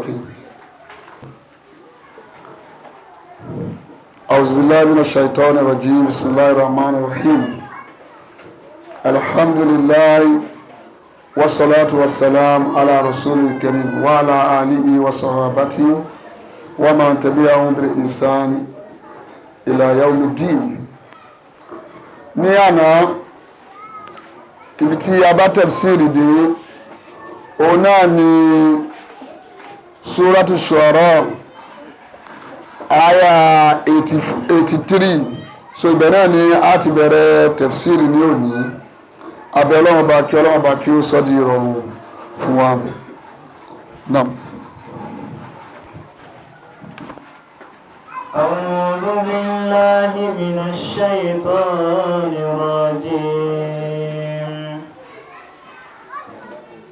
الرقيب أعوذ بالله من الشيطان الرجيم بسم الله الرحمن الرحيم الحمد لله والصلاة والسلام على رسول الكريم وعلى آله وصحابته ومن تبعهم بالإنسان إلى يوم الدين ní àná ibi tí a bá tẹ̀síìrì dé òun náà ni suratu Shu'ara aya eighty three so ibẹ̀ náà ni a ti bẹ̀rẹ̀ tafsiri ní òní abẹ́ ọlọ́run bá kí ọlọ́run bá kí ó sọ di ìrọ̀rùn fún wa أعوذ بالله من الشيطان الرجيم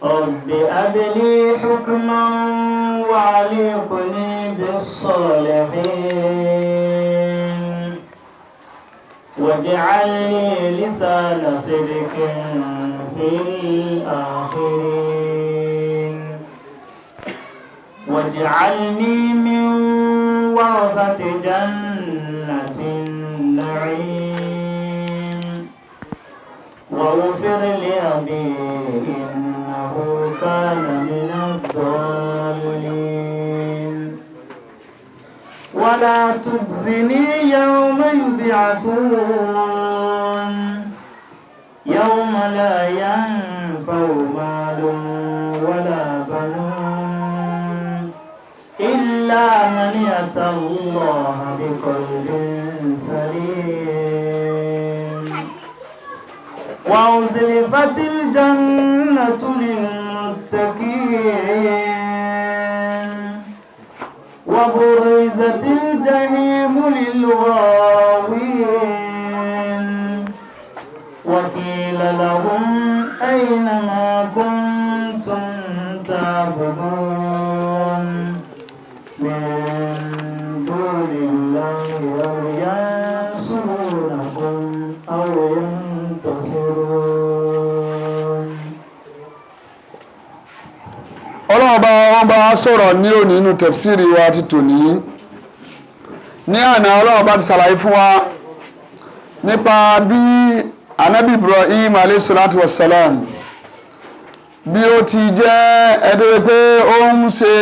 رب أبلي لي حكما وعليقني بالصالحين واجعل لي لسان صدق في الآخرين واجعلني من ورثة جنة النعيم واغفر لأبي كان من ولا تجزني يوم يبعثون يوم لا ينفع مال ولا بنون إلا من أتى الله بقلب سليم وأزلفت الجنة للمؤمنين للمتقين وبرزت الجحيم للغاية ọba wọn bá sọ̀rọ̀ nílò nínú tẹ̀síìrì wa ti tò ní. ní àná ọlọ́run bá ti ṣàlàyé fún wa nípa bí anabi Ibrahim alayhi salatu wa salam bí ó ti jẹ́ ẹ̀dẹ́rẹ́ pé ó ń ṣe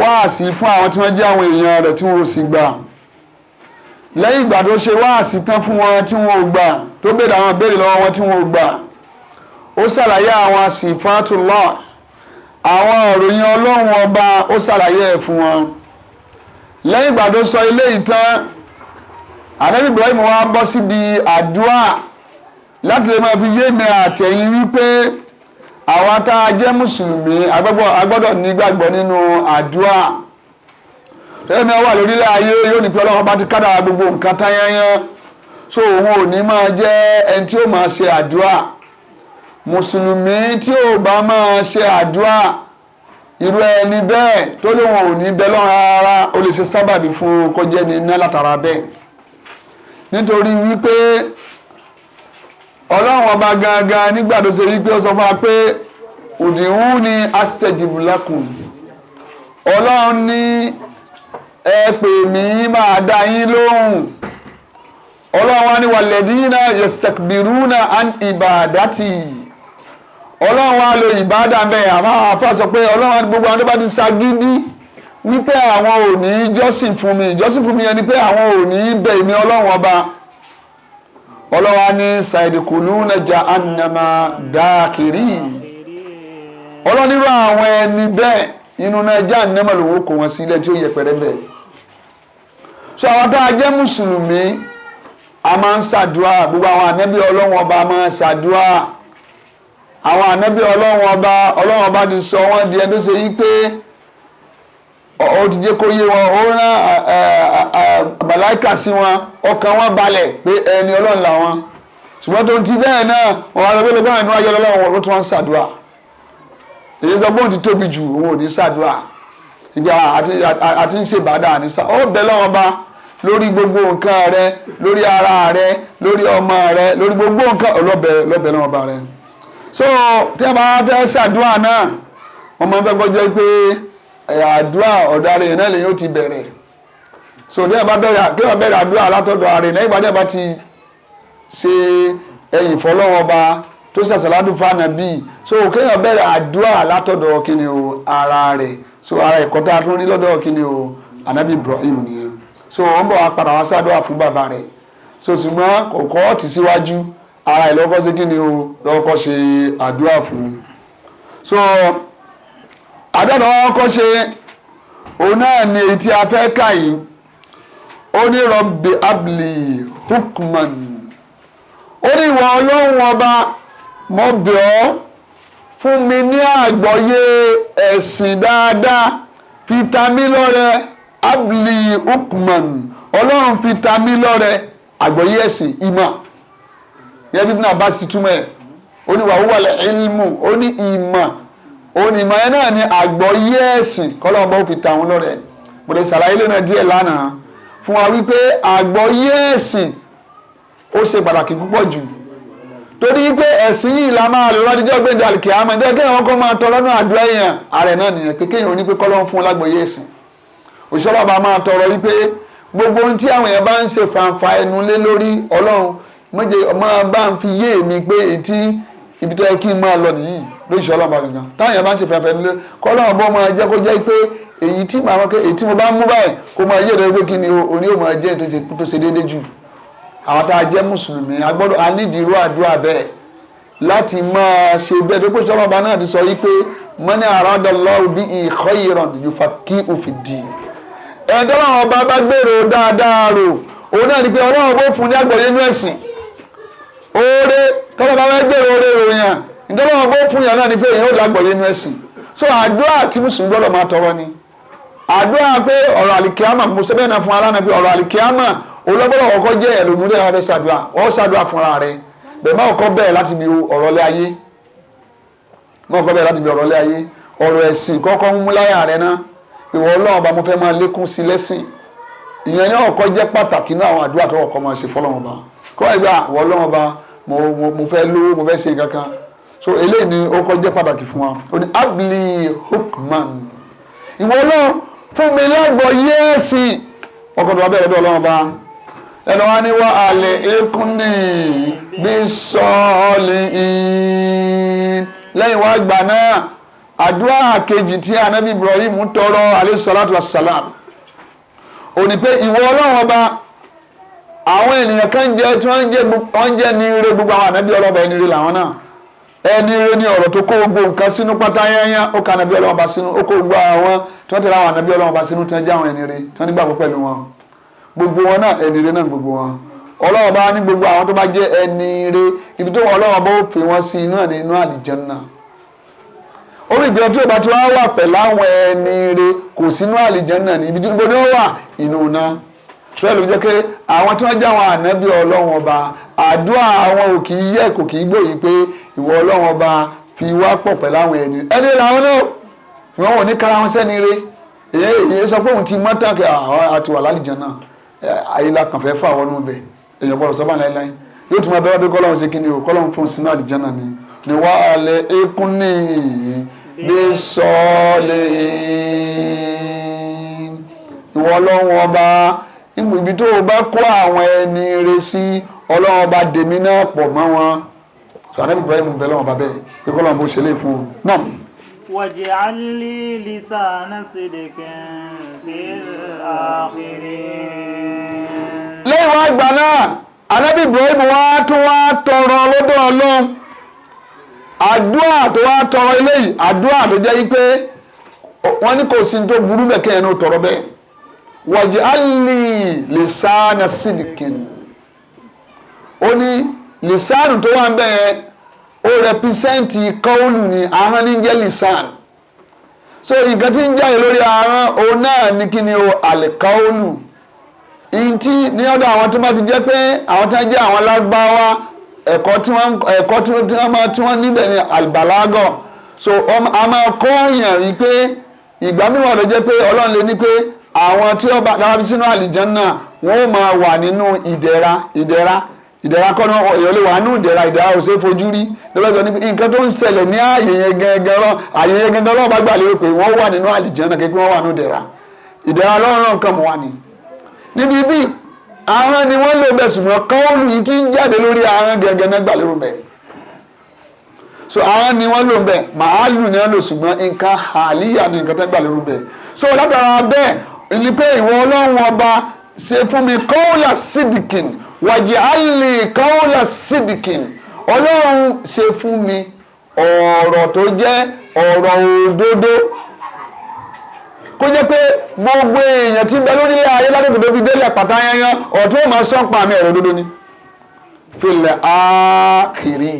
wáàsí fún àwọn tí wọ́n jẹ́ àwọn èèyàn rẹ̀ tí wọ́n sì gbà lẹ́yìn ìgbà tó ṣe wáàsí tán fún wọn tí wọn ò gbà tó béèrè àwọn béèrè lọ́wọ́ wọn tí wọn ò gbà ó ṣàlàyé àwọn sìfàtúlọ́ọ̀ àwọn òròyìn ọlọ́run ọba ó ṣàlàyé ẹ̀ fún wọn lẹ́yìn ìgbà tó sọ ilé ìtàn ànábì Ibrahim wa bọ́ síbi àdúrà láti lè máa fi yé mi àtẹ̀yìn wípé àwa tá a jẹ́ mùsùlùmí a gbọ́dọ̀ nígbàgbọ́ nínú àdúrà ẹni wà lórílẹ̀ ayé yóò ní pé ọlọ́run bá ti kádàrá gbogbo nǹkan tán yányán so òun ò ní máa jẹ́ ẹni tí ó máa ṣe àdúrà mùsùlùmí tí ò bá máa ṣe àdúrà irú ẹni bẹ́ẹ̀ tó lóun ò ní bẹ lọ́rùn rárá o lè ṣe sábàbí fún kọjá ní iná látara bẹ́ẹ̀ nítorí wípé ọlọ́run ọba gangan nígbà tó ṣe wípé ó sọ fún wa pé òdìhún ni asẹ̀jìbùlákùn ọlọ́run ní ẹ pè mí máa dá yín lóhùn ọlọ́run wa ni wàlẹ́dínà yẹsẹ̀kbìrúnà an ìbàdàtì ọlọ́run wa lo ìbáàdà bẹ́ẹ̀ àmọ́ àwọn afá sọ pé ọlọ́run àti gbogbo àwọn tó bá ti ṣagídí wípé àwọn ò ní jọ́sìn fún mi jọ́sìn fún mi yẹn ni pé àwọn ò ní bẹ̀ mí ọlọ́run ọba ọlọ́wà ní ṣàìdìkùlù nàjà ànàmà dáàkiri ọlọ́nirú àwọn ẹni bẹ́ẹ̀ inú nàjà ànàmà lòun kò wọ́n sílẹ̀ tí ó yẹ pẹ̀rẹ́ bẹ́ẹ̀ so àwọn tá a jẹ́ mùsùlùmí a máa ń ṣàdúrà gbogbo àwọn ànẹ́bí ọlọ́run ọba máa ń ṣàdúrà àwọn ànábì ọlọ́run ọba ọlọ́run ọba ti sọ wọ́n di ẹni tó ṣe yí pé ó ti jẹ́ kó yé wọn ó rán màláìkà sí wọn ọkàn wọn balẹ̀ pé ẹni ọlọ́run làwọn ṣùgbọ́n tó ń ti bẹ́ẹ̀ náà wọn àlọ́ bẹ́ẹ̀ lọ́gbọ́n ìnú ayé ọlọ́run ló tún wọn ṣàdúrà èyí sọ bóun ti tóbi jù òun ò ní ṣàdúrà ìgbà àti ń ṣèbàdà ní sá ó bẹ lọ́wọ́ bá lórí gbogbo nǹkan rẹ lórí ara rẹ lórí ọmọ rẹ lórí gbogbo nǹkan lọ́bẹ̀ lọ́wọ́ bá rẹ so tí a bá fẹ́ ṣàdúrà náà wọ́n máa ń fẹ́ kọjá pé àdúrà ọ̀dọ̀ yẹn náà lèyìn ó ti bẹ̀rẹ̀ so tí a bá bẹ̀rẹ̀ kí wọ́n bẹ̀rẹ̀ àdúrà látọ̀dọ̀ ara yẹn nígbà tí a bá ti ṣe ẹ̀yìn fọlọ́wọ́ ọba tó ṣàṣàládù fáànà bíi so kéèyàn bẹ̀rẹ̀ àdúrà látọ̀dọ̀ kíni o ara rẹ̀ so ara ẹ̀kọ́ tá a tún rí lọ́dọ̀ kíni o anabi Ibrahim nìyẹn so wọ́n bọ̀ wá padà wá ṣàdúrà fún bàbá rẹ̀ so ṣùgbọ́n kò kọ́ ọ́ tì síwájú. Si ara ẹ̀ lọ́kọ́ sí kí ni o lọ́kọ́ ṣe àdúrà fún so àdúrà lọ́kọ́ ṣe òun náà ni èyí tí a fẹ́ kà yìí ó ní rọ̀bì abli hukman ó ní ìwà ọlọ́run ọba mo bẹ̀ ọ́ fún mi ní àgbọ́yé ẹ̀sìn dáadáa fitami lọ́rẹ abli hukman ọlọ́run fitami lọ́rẹ àgbọ́yé ẹ̀sìn ìmọ̀ yẹ bí náà bá sì túmọ̀ ẹ̀ ó ní wàhùwà lẹ̀ ìlmù ó ní ìmọ̀ ó ní ìmọ̀ yẹn náà ní àgbọ́yé ẹ̀sìn kọ́lọ́n bá fi tàwọn lọ́rẹ̀ mo lè ṣàlàyé lẹ́nà díẹ̀ lánàá fún wa wípé àgbọ́yé ẹ̀sìn ó ṣe pàtàkì púpọ̀ jù torí pé ẹ̀sìn yìí la máa lò lọ́díjọ́ gbẹ̀dẹ̀ àlùkè àmọ́ ẹ̀dẹ́ kéèyàn kọ́ máa tọrọ náà àdúrà èèyàn ààrẹ náà nìyẹn pé kéèyàn ní pé kọ́lọ́n fún lágbòye ẹ̀sìn òṣìṣẹ́ ọlọ́ba máa tọrọ wípé gbogbo ohun tí àwọn èèyàn bá ń ṣe fàǹfà ẹnu lé lórí ọlọ́run mọ̀jẹ̀ ọmọ bá ń fi yé mi pé etí ibi tó yẹ kí n máa lọ nìyí lóṣù ọlọ́mọ gangan táwọn yẹn bá ń ṣe fẹ́fẹ́ nílé kọ́lọ́mọ bọ́ máa jẹ́ kó jẹ́ pé èyí tí màá pé èyí tí mo bá mú báyìí kó máa yé ìrẹ́wé kí ni orí ò máa jẹ́ tó ṣe déédéé jù àwọn tá a jẹ́ mùsùlùmí a gbọ́dọ̀ àdúrà bẹ́ẹ̀ láti máa ṣe bẹ́ẹ̀ tó pèsè ọlọ́mọba náà ti sọ yí pé mọ́ni àràdàlọ́wọ́ bí khayran yufaki òfìdí ẹ̀ẹ́dọ́lọ́wọ́ bá bá gbèrò dáadáa rò òun náà ni pé ọlọ́wọ́ bó fún ní àgbọ̀yé nú ẹ̀sìn oore kọlọ bá wẹ́ẹ́ gbèrò oore rò yàn ìjọba wọn bó fún yàn náà ni pé èèyàn ó yé yẹnu ẹ̀sìn so àdúrà tí mùsùlùmí gbọ́dọ̀ máa tọrọ ni àdúrà pé ọ̀rọ̀ àlìkíámà mùsùlùmí bẹ́ẹ̀ náà fún aláàánú pé ọ̀rọ̀ àlìkíámà olóbọ̀rọ̀ ọkọ̀ jẹ́ ẹ̀lòmúdé ara fẹ́ ṣàdúrà wọ́n fúnra rẹ̀ má láti lé ayé má láti lé ayé ń ná ìwọ mo máa lékún sí ìyẹn kó wáyé gbà wọ́n lọ́wọ́ bá mo mo mo fẹ́ lówó mo fẹ́ ṣe kankan so eléyìí ni ó kọ́ jẹ́ pàtàkì fún wa ó ní abli hukman ìwọ náà fún mi lọ́gbọ̀ yẹ́ẹ̀sì ọkọ̀ tó wá bẹ̀rẹ̀ bẹ́ẹ̀ ọlọ́wọ́ bá ẹnu wa ni wá àlẹ́ ekun ní bí sọ́ọ̀lì lẹ́yìn wá gbà náà àdúrà kejì tí anabi Ibrahim tọrọ alayhi salatu wassalam ó ní pé ìwọ ọlọ́run ọba àwọn ènìyàn kan jẹ tí wọ́n ní ire gbogbo àwọn ànábì ọlọ́ba ẹni ire làwọn náà ẹni ni ọ̀rọ̀ tó kó gbogbo nǹkan sínú pátá yányán ó ka ànábì ọlọ́ba sínú ó kó gbogbo àwọn tí àwọn wọn gbogbo wọn náà ẹni ire náà wọn bá ní gbogbo àwọn tó bá ẹni ire ibi wọn bá ó sí inú ẹni inú orí tí ti tíwẹ́ẹ̀ ló jẹ́ pé àwọn tí wọ́n jẹ́ àwọn ànábì ọlọ́run ọba àdúrà àwọn ò kì í yẹ kò kì í gbòyìn pé ìwọ ọlọ́run ọba fi wá pọ̀ pẹ̀lú àwọn ẹni ẹni làwọn náà ìwọ́n wò ní kára wọn sẹ́ni re èyí sọ pé òun ti mọ́ tàkì àti wà lálìjọ náà àyílá kan fẹ́ fà wọ́n nù bẹ̀ èèyàn bọ̀rọ̀ sọ́bà láíláí yóò tún máa bẹ́ẹ̀ bí kọ́lọ́hún ṣe kí ni o kọ́lọ́hún fún sinú àlìjọ náà ni ni wà á lẹ ekun ní bí sọ́ọ̀lì ìwọ ọlọ́run ọba ìmọ̀ ibi tó o bá kó àwọn ẹni re sí ọlọ́run ọba dèmi náà pọ̀ mọ́ wọn sọ anábì ibrahim bẹ lọ́wọ́ bàbá ẹ̀ pé kọ́ lọ́wọ́ bó ṣe lè fún un náà. waj'al li lisana sidqin fil akhirin. lẹ́yìn wá gbà náà anábì ibrahim wá tún wá tọrọ lọ́dọ̀ ọlọ́run àdúrà tó wá tọrọ eléyìí àdúrà tó jẹ́ yí pé wọ́n ní kò sí ní tó burú bẹ́ẹ̀ kẹ́hìn ní tọrọ bẹ́ẹ̀ wàjálì lìsánà sídìkìn ó ní lìsánù tó wà ń bẹ̀ yẹn ó rẹpísẹ́ǹtì kọ́ọ̀lù ní ahọ́n ní jẹ́ lìsánù so nǹkan tí ń jáde lórí ahọ́n òun náà ní kí ni o àlìkọ́ọ̀lù ntí ní ọ̀dọ̀ àwọn tó bá ti jẹ́ pé àwọn tó ń jẹ́ àwọn lágbáwá ẹ̀kọ́ tí wọ́n ẹ̀kọ́ tí wọ́n máa tí wọ́n níbẹ̀ ni àlìbàlágọ̀ so a máa kọ́ yàn yìí pé ìgbà mìíràn ló jẹ́ pé ọlọ́run lè ní pé àwọn tí ọba dábàbí sínú àlìjánná wọn ó máa wà nínú ìdẹ̀ra ìdẹ̀ra ìdẹ̀ra kọ́nà èèyàn lè wà nínú ìdẹ̀ra ìdẹ̀ra ò ṣe é fojú rí lọ́wọ́sọ ní nǹkan tó ń ṣẹlẹ̀ ní ààyè yẹn gẹ́gẹ́ rán ààyè yẹn gẹ́gẹ́ rán bá gbà lérò pé wọ́n wà nínú àlìjánná kékeré wọ́n wà nínú ìdẹ̀ra ìdẹ̀ra lọ́rùn nǹkan mọ̀ wá ni. níbi bí àwọn ni wọ́n lè bẹ̀ ṣùgbọ́n so àwọn ni wọ́n lò bẹ́ẹ̀ màálù ni wọ́n lò ṣùgbọ́n nǹkan àlíyà ni nǹkan tẹ́ gbà lérò bẹ́ẹ̀ so látara bẹ́ẹ̀ ni pé ìwọ ọlọ́run ọba ṣe fún mi kọ́ọ̀là sídìkìn wàjì àlè kọ́ọ̀là sídìkìn ọlọ́run ṣe fún mi ọ̀rọ̀ tó jẹ́ ọ̀rọ̀ òdodo kó jẹ́ pé gbogbo èèyàn ti bẹ lórílẹ̀ ayé ládùúgbò tó fi délẹ̀ pàtà yanyan ọ̀tún ò máa mi ọ̀rọ̀ òdodo ni fìlẹ̀ áàkìrì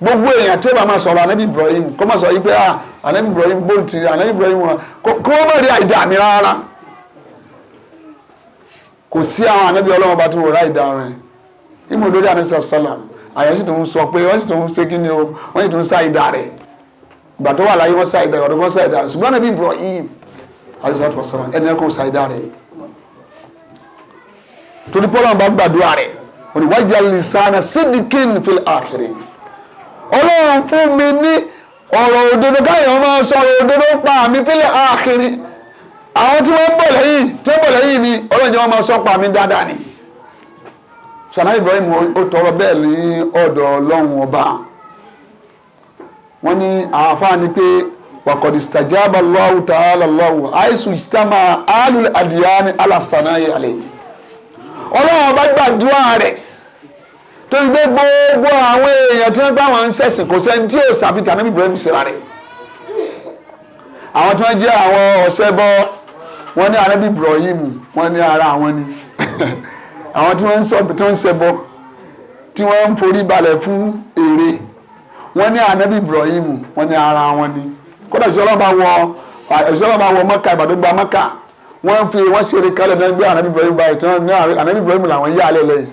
gbogbo èèyàn tí ó bá máa sọ̀rọ̀ anabi ibrahim kó máa sọ yìí pé ah anabi ibrahim bóun ti anabi ibrahim wọn kó wọ́n má rí àìdá mi rárá kò sí àwọn anabi ọlọ́run ọba tó wò ráì dá rẹ̀ ìmọ̀ lórí anabi sàlám àyàn sì tún sọ pé wọ́n sì tún ṣe kí ni o wọ́n sì tún sá ìdá rẹ̀ ìgbà tó wà láyé wọ́n sá ìdá rẹ̀ ọ̀dọ́ wọ́n sá ìdá rẹ̀ ṣùgbọ́n anabi ibrahim alisatu wasalam ẹni ẹ kò sá ìdá rẹ̀ torí pọ́lọ́n bá gbàdúrà rẹ̀ òní wájú alisana sídìkín fil àkìrín ọlọ́run fún mi ní ọ̀rọ̀ òdodo káyọ̀ máa sọ̀rọ̀ òdodo pa àmì pílẹ̀ àkìrí àwọn tí wọ́n bọ̀ lẹ́yìn tí wọ́n bọ̀ lẹ́yìn ni ọlọ́run jẹ́ wọ́n máa sọ pa àmì dáadáa ni. sànà Ibrahim ó tọrọ bẹ́ẹ̀ ní ọ̀dọ̀ ọlọ́run ọba wọ́n ní àáfàá ni pé wàkọ̀dì sàjábà lọ́wọ́ tààlà lọ́wọ́ àìsùn ìtàmà àlùl àdìyàn alàsànà yìí àlẹ́ ọlọ́run ọba gbàdúrà rẹ̀ torí pé gbogbo àwọn èèyàn tí wọ́n bá wọn ń ṣẹ̀sìn kò sẹ́ni tí yóò sàbí tàbí Ibrahim sera rẹ̀ àwọn tí wọ́n jẹ́ àwọn ọ̀ṣẹbọ wọ́n ní arábí Ibrahim wọ́n ní ara àwọn ni àwọn tí wọ́n ń sọ tí wọ́n ń ṣẹbọ tí wọ́n ń forí balẹ̀ fún ère wọ́n ní anábì Ibrahim wọ́n ní ara wọn ni kódà ìṣọlọ́ba wọ ìṣọlọ́ba wọ mọ́kà ìbàdàn gba mọ́kà wọ́n fi wọ́n ṣeré kálẹ̀ náà gbé anábì Ibrahim báyìí tí wọ́n ní anábì Ibrahim làwọn yá alẹ́ lẹ́yìn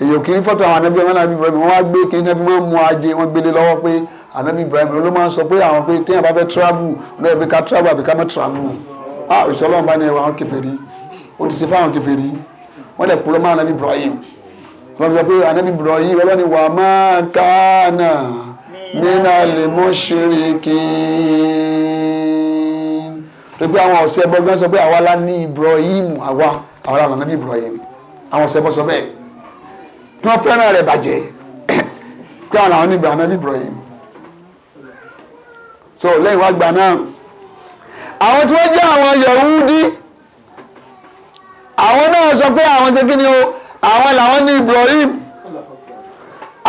èyí ò kì í fọ́tò àwọn anabi wọn anabi Ibrahim wọn wá gbé kí anabi wọn mú ajé wọn gbélé lọ́wọ́ pé anabi Ibrahim ló máa ń sọ pé àwọn pé téèyàn bá fẹ́ travel náà bí ká travel àbí ká má travel ah ìṣọlọ́wọ́n bá ní ẹwà àwọn kèfèrí ó ti ṣe fáwọn kèfèrí wọ́n lè kúrò máa anabi Ibrahim wọ́n sọ pé anabi Ibrahim wọ́n ní wà máa kánà nínà lè mọ́ ṣeré kín tó pé àwọn ọ̀sẹ̀ bọ́gán sọ pé àwa la ní Ibrahim àwa àwa la tí wọ́n fẹ́ràn rẹ̀ bàjẹ́ pé àwọn àwọn onígbà náà Ibrahim so lẹ́yìn wá gbà náà àwọn tí wọ́n jẹ́ àwọn Yahudi àwọn náà sọ pé àwọn ṣe kí ni o àwọn làwọn ní Ibrahim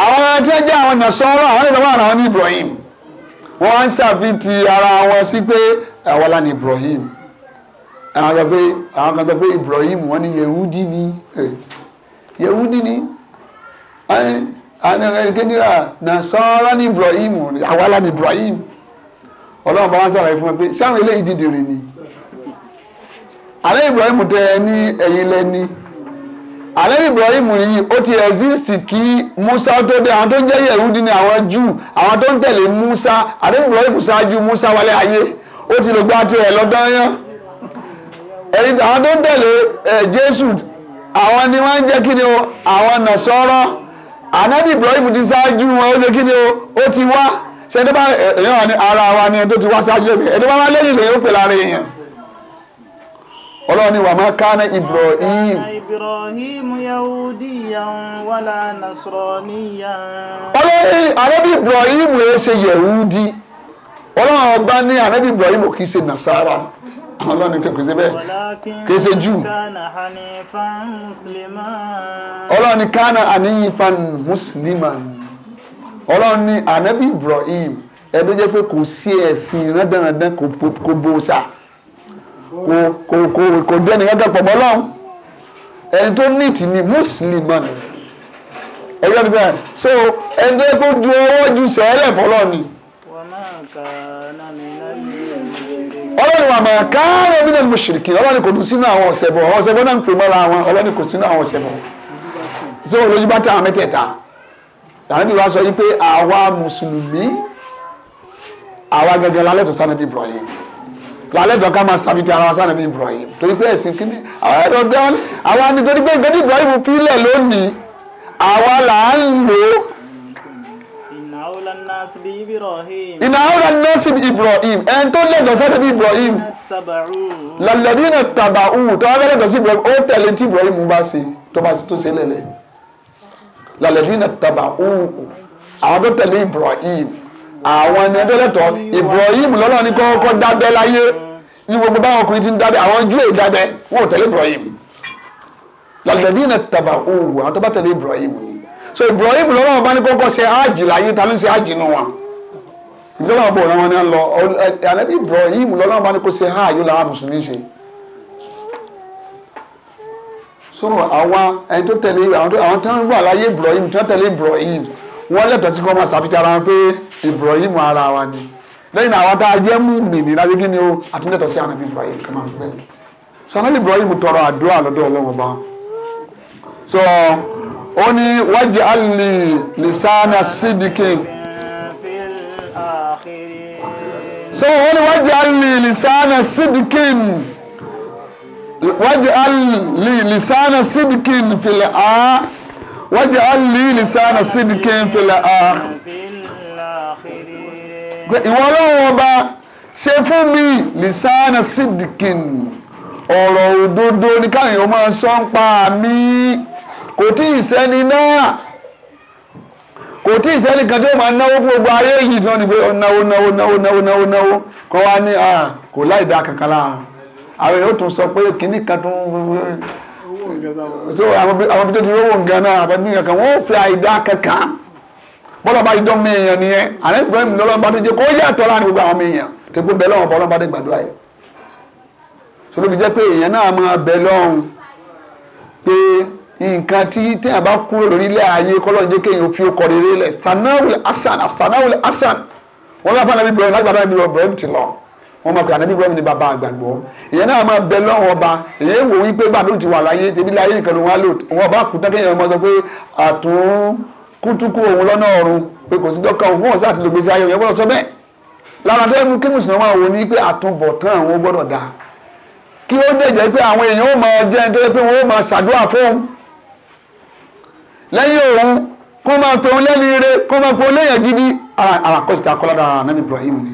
àwọn tí wọ́n jẹ́ àwọn Nasara àwọn ìlú wọn àwọn ní Ibrahim wọ́n á ń ṣàfihàn ara wọn sí pé àwọn lá ní Ibrahim àwọn kan sọ pé Ibrahim wọ́n ní Yehudi ni Yehudi ni anagẹ́gẹ́dìrà nasara ní Ibrahim àwàlá ní Ibrahim ọlọ́run bá wá sàlàyé fún wa pé sáwọn eléyìí dìdìrì ni alẹ́ Ibrahim tẹ ẹ ní ẹ̀yìn lẹ́ni alẹ́ Ibrahim yìí ó ti exist kí Musa tó dé àwọn tó ń jẹ́ Yẹ̀húdí ni àwọn Júù àwọn tó ń tẹ̀lé Musa alẹ́ Ibrahim ṣáájú Musa wálé ayé ó ti lè gba tirẹ̀ lọ́dọ́ yẹn ẹ̀yìn àwọn tó ń tẹ̀lé Jésù àwọn ni wọ́n ń jẹ́ kí ni o àwọn nàṣọ́rọ́ ànábì Ibrahim ti ṣáájú wọn ó ṣe kí ni o ó ti wá ṣe ẹni bá èèyàn wà ní ara wa ni tó ti wá ṣáájú ẹ̀mí ẹni bá wá lẹ́yìn lè ó pè lára èèyàn ọlọ́run ni wà máa kánà Ibrahim. Ibrahim yahudiyan wàlá Ibrahim ẹ e ṣe yẹ̀húdí ọlọ́run ọba ní ànábì Ibrahim kì í ṣe nàṣàrà ọlọ́ni kò ṣe bẹ́ẹ̀ kò ṣe jù ọlọ́ni kánà àníyàn musliman ọlọ́ni anabi ibrahim ẹbí jẹ́ pé kò sí ẹ̀sìn rẹ́dẹ̀rẹ́dẹ́ kò bó sa kò kò kò kò dẹ́ni gẹ́gẹ́ pọ̀ mọ́ lọ́hùn ẹni tó níìtì ni musliman ẹgbẹ́ mi sẹ́yìn so ẹni tó yẹ kó ju ọwọ́ ju sẹ́ẹ̀lẹ̀ fọlọ́ ni. wọ́n máa kà á náà nínú ọlọ́run wà máa káàárọ̀ mí náà mushrikin ọlọ́run kò tún sínú àwọn ọ̀sẹ̀ bọ̀ ọ̀sẹ̀ bọ̀ náà ń pè mọ́ra wọn ọlọ́run kò sínú àwọn ọ̀sẹ̀ bọ̀ so lójú bá tàn án mẹ́tẹ̀ẹ̀ta làwọn ibi sọ yìí pé àwa mùsùlùmí àwa gẹ́gẹ́ lálẹ́ tó sànàbí Ibrahim lálẹ́ tó ká máa sàbí ti àwa sànàbí Ibrahim torí pé ẹ̀sìn kíní àwọn ẹ̀rọ ni àwa nítorí pé gẹ́gẹ́ Ibrahim pílẹ̀ lónìí àwa ìlà ọ̀rọ̀ nọ́ọ̀sì ibrahim ẹni tó lẹ́dọ̀ sọ́dọ̀ bí ibrahim lálẹ́bí náà tàbà òwò tó wá fẹ́ lẹ́dọ̀ sí ibrahim ó tẹ̀lé tí ibrahim bá ṣe tó bá tó ṣe lẹ́lẹ̀ lálẹ́bí náà tàbà àwọn ibrahim àwọn ẹni tó lẹ́tọ̀ ibrahim lọ́nà ní kọ́kọ́ dábẹ́ láyé ní gbogbo báwọn ọkùnrin ti ń dábẹ́ àwọn júwèé dábẹ́ wọn ò tẹ̀lé ibrahim lálẹ́bí náà tàbà òwò àwọn tó bá tẹ̀lé ibrahim ni so Ibrahim lọ́wọ́ ọba ní kókó ṣe áàjì láyé ta ló ń ṣe áàjì nù wọn ìjọba ọba ọ̀nà wọn ni lọ ànábì Ibrahim lọ́wọ́ ọba ní kó ṣe áàyò làwọn mùsùlùmí ṣe so àwa ẹni tó tẹ̀lé àwọn tó ń wà láyé Ibrahim tó ń tẹ̀lé Ibrahim wọ́n lẹ́tọ̀ọ́ sí kí wọ́n máa ṣàfihàn ara wọn pé Ibrahim ara wa ni lẹ́yìn àwọn tá a jẹ́ mú mìíní láti kí ni o àtúndẹ̀tọ̀ sí ànábì Ibrahim kí wọ́n máa fi bẹ́ẹ̀ so ànábì Ibrahim tọrọ àdúrà lọ́dọ̀ ọlọ́wọ́ bá so ó ní wájú àlè lìsánà sídìkì so ó ní wájú àlè lìsánà sídìkì wájú àlè lìsánà sídìkì fìlà á wájú àlè lìsánà sídìkì fìlà á ìwọ ọlọ́run ọba ṣe fún mi lìsánà sídìkì ọ̀rọ̀ òdodo ní káyọ̀ máa sọ ń pa mí kò tí ì sẹ́ni náà kò tí ì sẹ́ni kan tí ó máa náwó fún gbogbo ayé yìí tí wọ́n ní pé ó náwó náwó náwó náwó náwó náwó kọ́ wa ní kò láì dá kankan lára àwọn èèyàn ó tún sọ pé kínní kan tún so àwọn bí tó ti rówó nǹkan náà àbẹ̀bí kankan wọ́n ó fi àìdá kankan bọ́lá bá idán mi èèyàn nìyẹn àlẹ́ ìgbẹ́ mi lọ́lọ́ bá tó jẹ́ kó yàtọ̀ láàrin gbogbo àwọn mi èèyàn tó gbé bẹ́ẹ̀ lọ́wọ́ bọ́lá bá dé gbàdúrà yẹn sọlọ́bi jẹ́ pé èèyàn náà máa bẹ lọ́hùn pé nǹkan tí téèyàn bá kúrò lórílẹ̀ ayé kọ́lọ́ jẹ́ kéèyàn fi ọkọ̀ rere lẹ̀ sanawul hasan sanawul hasan wọ́n bá fún lágbàdo ti lọ wọ́n máa pe anabi ibrahim ní bàbá àgbàgbọ́ ìyẹn náà máa bẹ lọ́wọ́ ọba ìyẹn wò wípé bàbá ti wà láyé tèmi láyé nìkan ló wá lò wọ́n bá kú tán kéèyàn máa sọ pé àtún kútukú òun lọ́nà ọ̀run pé kò lẹ́yìn òun kó máa pe òun lẹ́nu ire kó máa pe òun lẹ́yìn gidi àràkọ́sí ta kọ́lá dára anabi ibrahim ni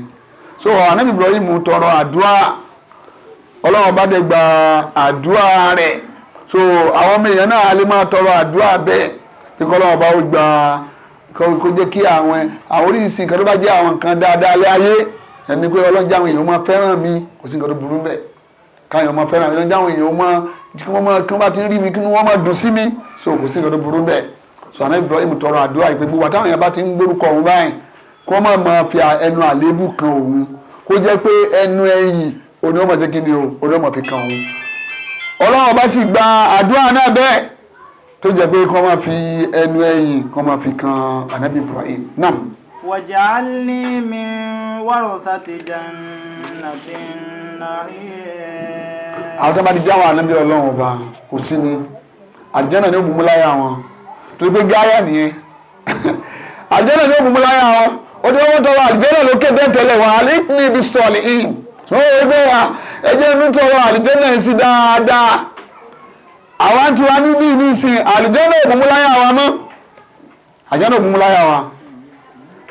so anabi ibrahim tọrọ àdúrà ọlọ́run bá dé gba àdúrà rẹ̀ so àwọn ọmọ èèyàn náà lè máa tọrọ àdúrà bẹ́ẹ̀ kí ọlọ́run bá ó gba kó jẹ́ kí àwọn àwọn oríṣiríṣi nǹkan tó bá jẹ́ àwọn nǹkan dáadáa lé ayé ẹni pé ọlọ́run jẹ́ àwọn èèyàn máa fẹ́ràn mi kò sí nǹkan tó burú bẹ́ẹ̀ káyọ̀ mọ fẹ́ràn àbí dáhùn èèyàn mọ kí wọ́n mọ kí wọ́n bá ti rí mi kí wọ́n mọ dùn sí mi so kò sí nǹkan tó burú bẹ́ẹ̀ so àná Ibrahim tọrọ àdúrà ìpè gbogbo àtàwọn èèyàn bá ti ń gbórúkọ òun báyìí kí wọ́n mọ mọ fi ẹnu àléébù kan òun kó jẹ́ pé ẹnu ẹ̀yìn òní ọmọ ṣe kíni o òní ọmọ fi kan òun Ọlọ́run bá sì gba àdúrà náà bẹ́ẹ̀ tó jẹ́ pé kí wọ́n mọ fi ẹnu ẹ̀yìn kí wọ́n mọ fi kan ànábì Ibrahim náà. واجعلني من ورثة جنة النعيم àwọn tó bá di jáwọn ànábì ọlọ́run ọba kò sí ni àjẹ́nà ni ó mú láyà wọn torí pé gáyà nìyẹn àjẹ́nà ni ó mú láyà wọn ó ti wọ́n tọrọ àjẹ́nà ló kéde tẹ́lẹ̀ wọn àlẹ́ ní ibi sọ̀lì ìn tó wọ́n gbé wa ẹjẹ́ inú tọrọ àjẹ́nà sí dáadáa àwọn tí wọ́n á ní bí ìlú ìsìn àjẹ́nà ò mú láyà wọn mọ́ àjẹ́nà ò mú láyà wọn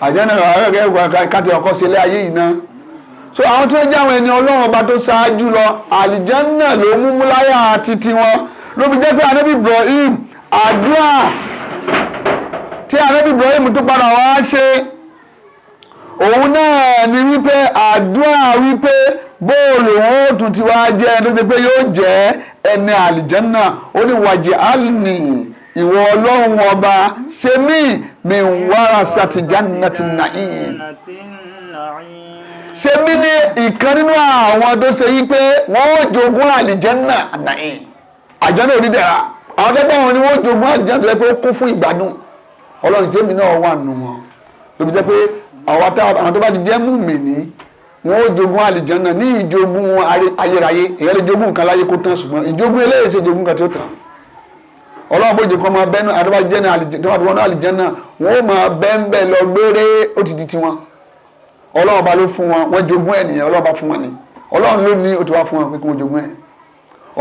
àjẹ́nà àárẹ̀ káti ọkọ̀ sí ilé ayé yìí náà so àwọn tó jẹ́ àwọn ẹni ọlọ́run ọba tó ṣáájú lọ àlìjẹ́nà ló mú mú láyà títí wọn ló fi jẹ́ pé anábì Ibrahim àdúrà tí anábì Ibrahim tó padà wá ṣe òun náà ni wípé àdúrà wípé bóòlù òun ó tún ti wá jẹ́ ẹni tó ṣe pé yóò jẹ́ ẹni àlìjẹ́nà ó ní wàjẹ́ àlìní ìwọ ọlọ́run ọba ṣe mí mi ń wára sàtìjánìtì nàìyìn ṣe mí ní ìkan nínú àwọn tó ṣe yí pé wọ́n ó jogún àlìjánà nàìyìn àjánà onídàá àwọn akẹ́kọ̀ọ́ wọn ni wọ́n jogún àlìjánà tó yẹ pé ó kún fún ìgbádùn ọlọ́run tèmi náà wà nù wọn lóbi jẹ́ pé àwọn tó bá ti jẹ́ mùmínì wọn ó jogún àlìjánà ní ìjogún ayérayé èèyàn lè jogún nǹkan láyé kó tán ṣùgbọ́n ìjogún eléyìí ṣe jogún kan tí tán ọlọ́run bójú kan máa bẹ́nu àdúrà jẹ́nà àdúrà àlìjẹ́nà wọ́n ó máa bẹ́ńbẹ́ lọ gbére ó ti di tiwọn ọlọ́run bá ló fún wọn wọ́n jogún ẹ̀ nìyẹn ọlọ́run bá fún wọn ni ọlọ́run ló ní òtún wá fún wọn pé kí wọ́n jogún ẹ̀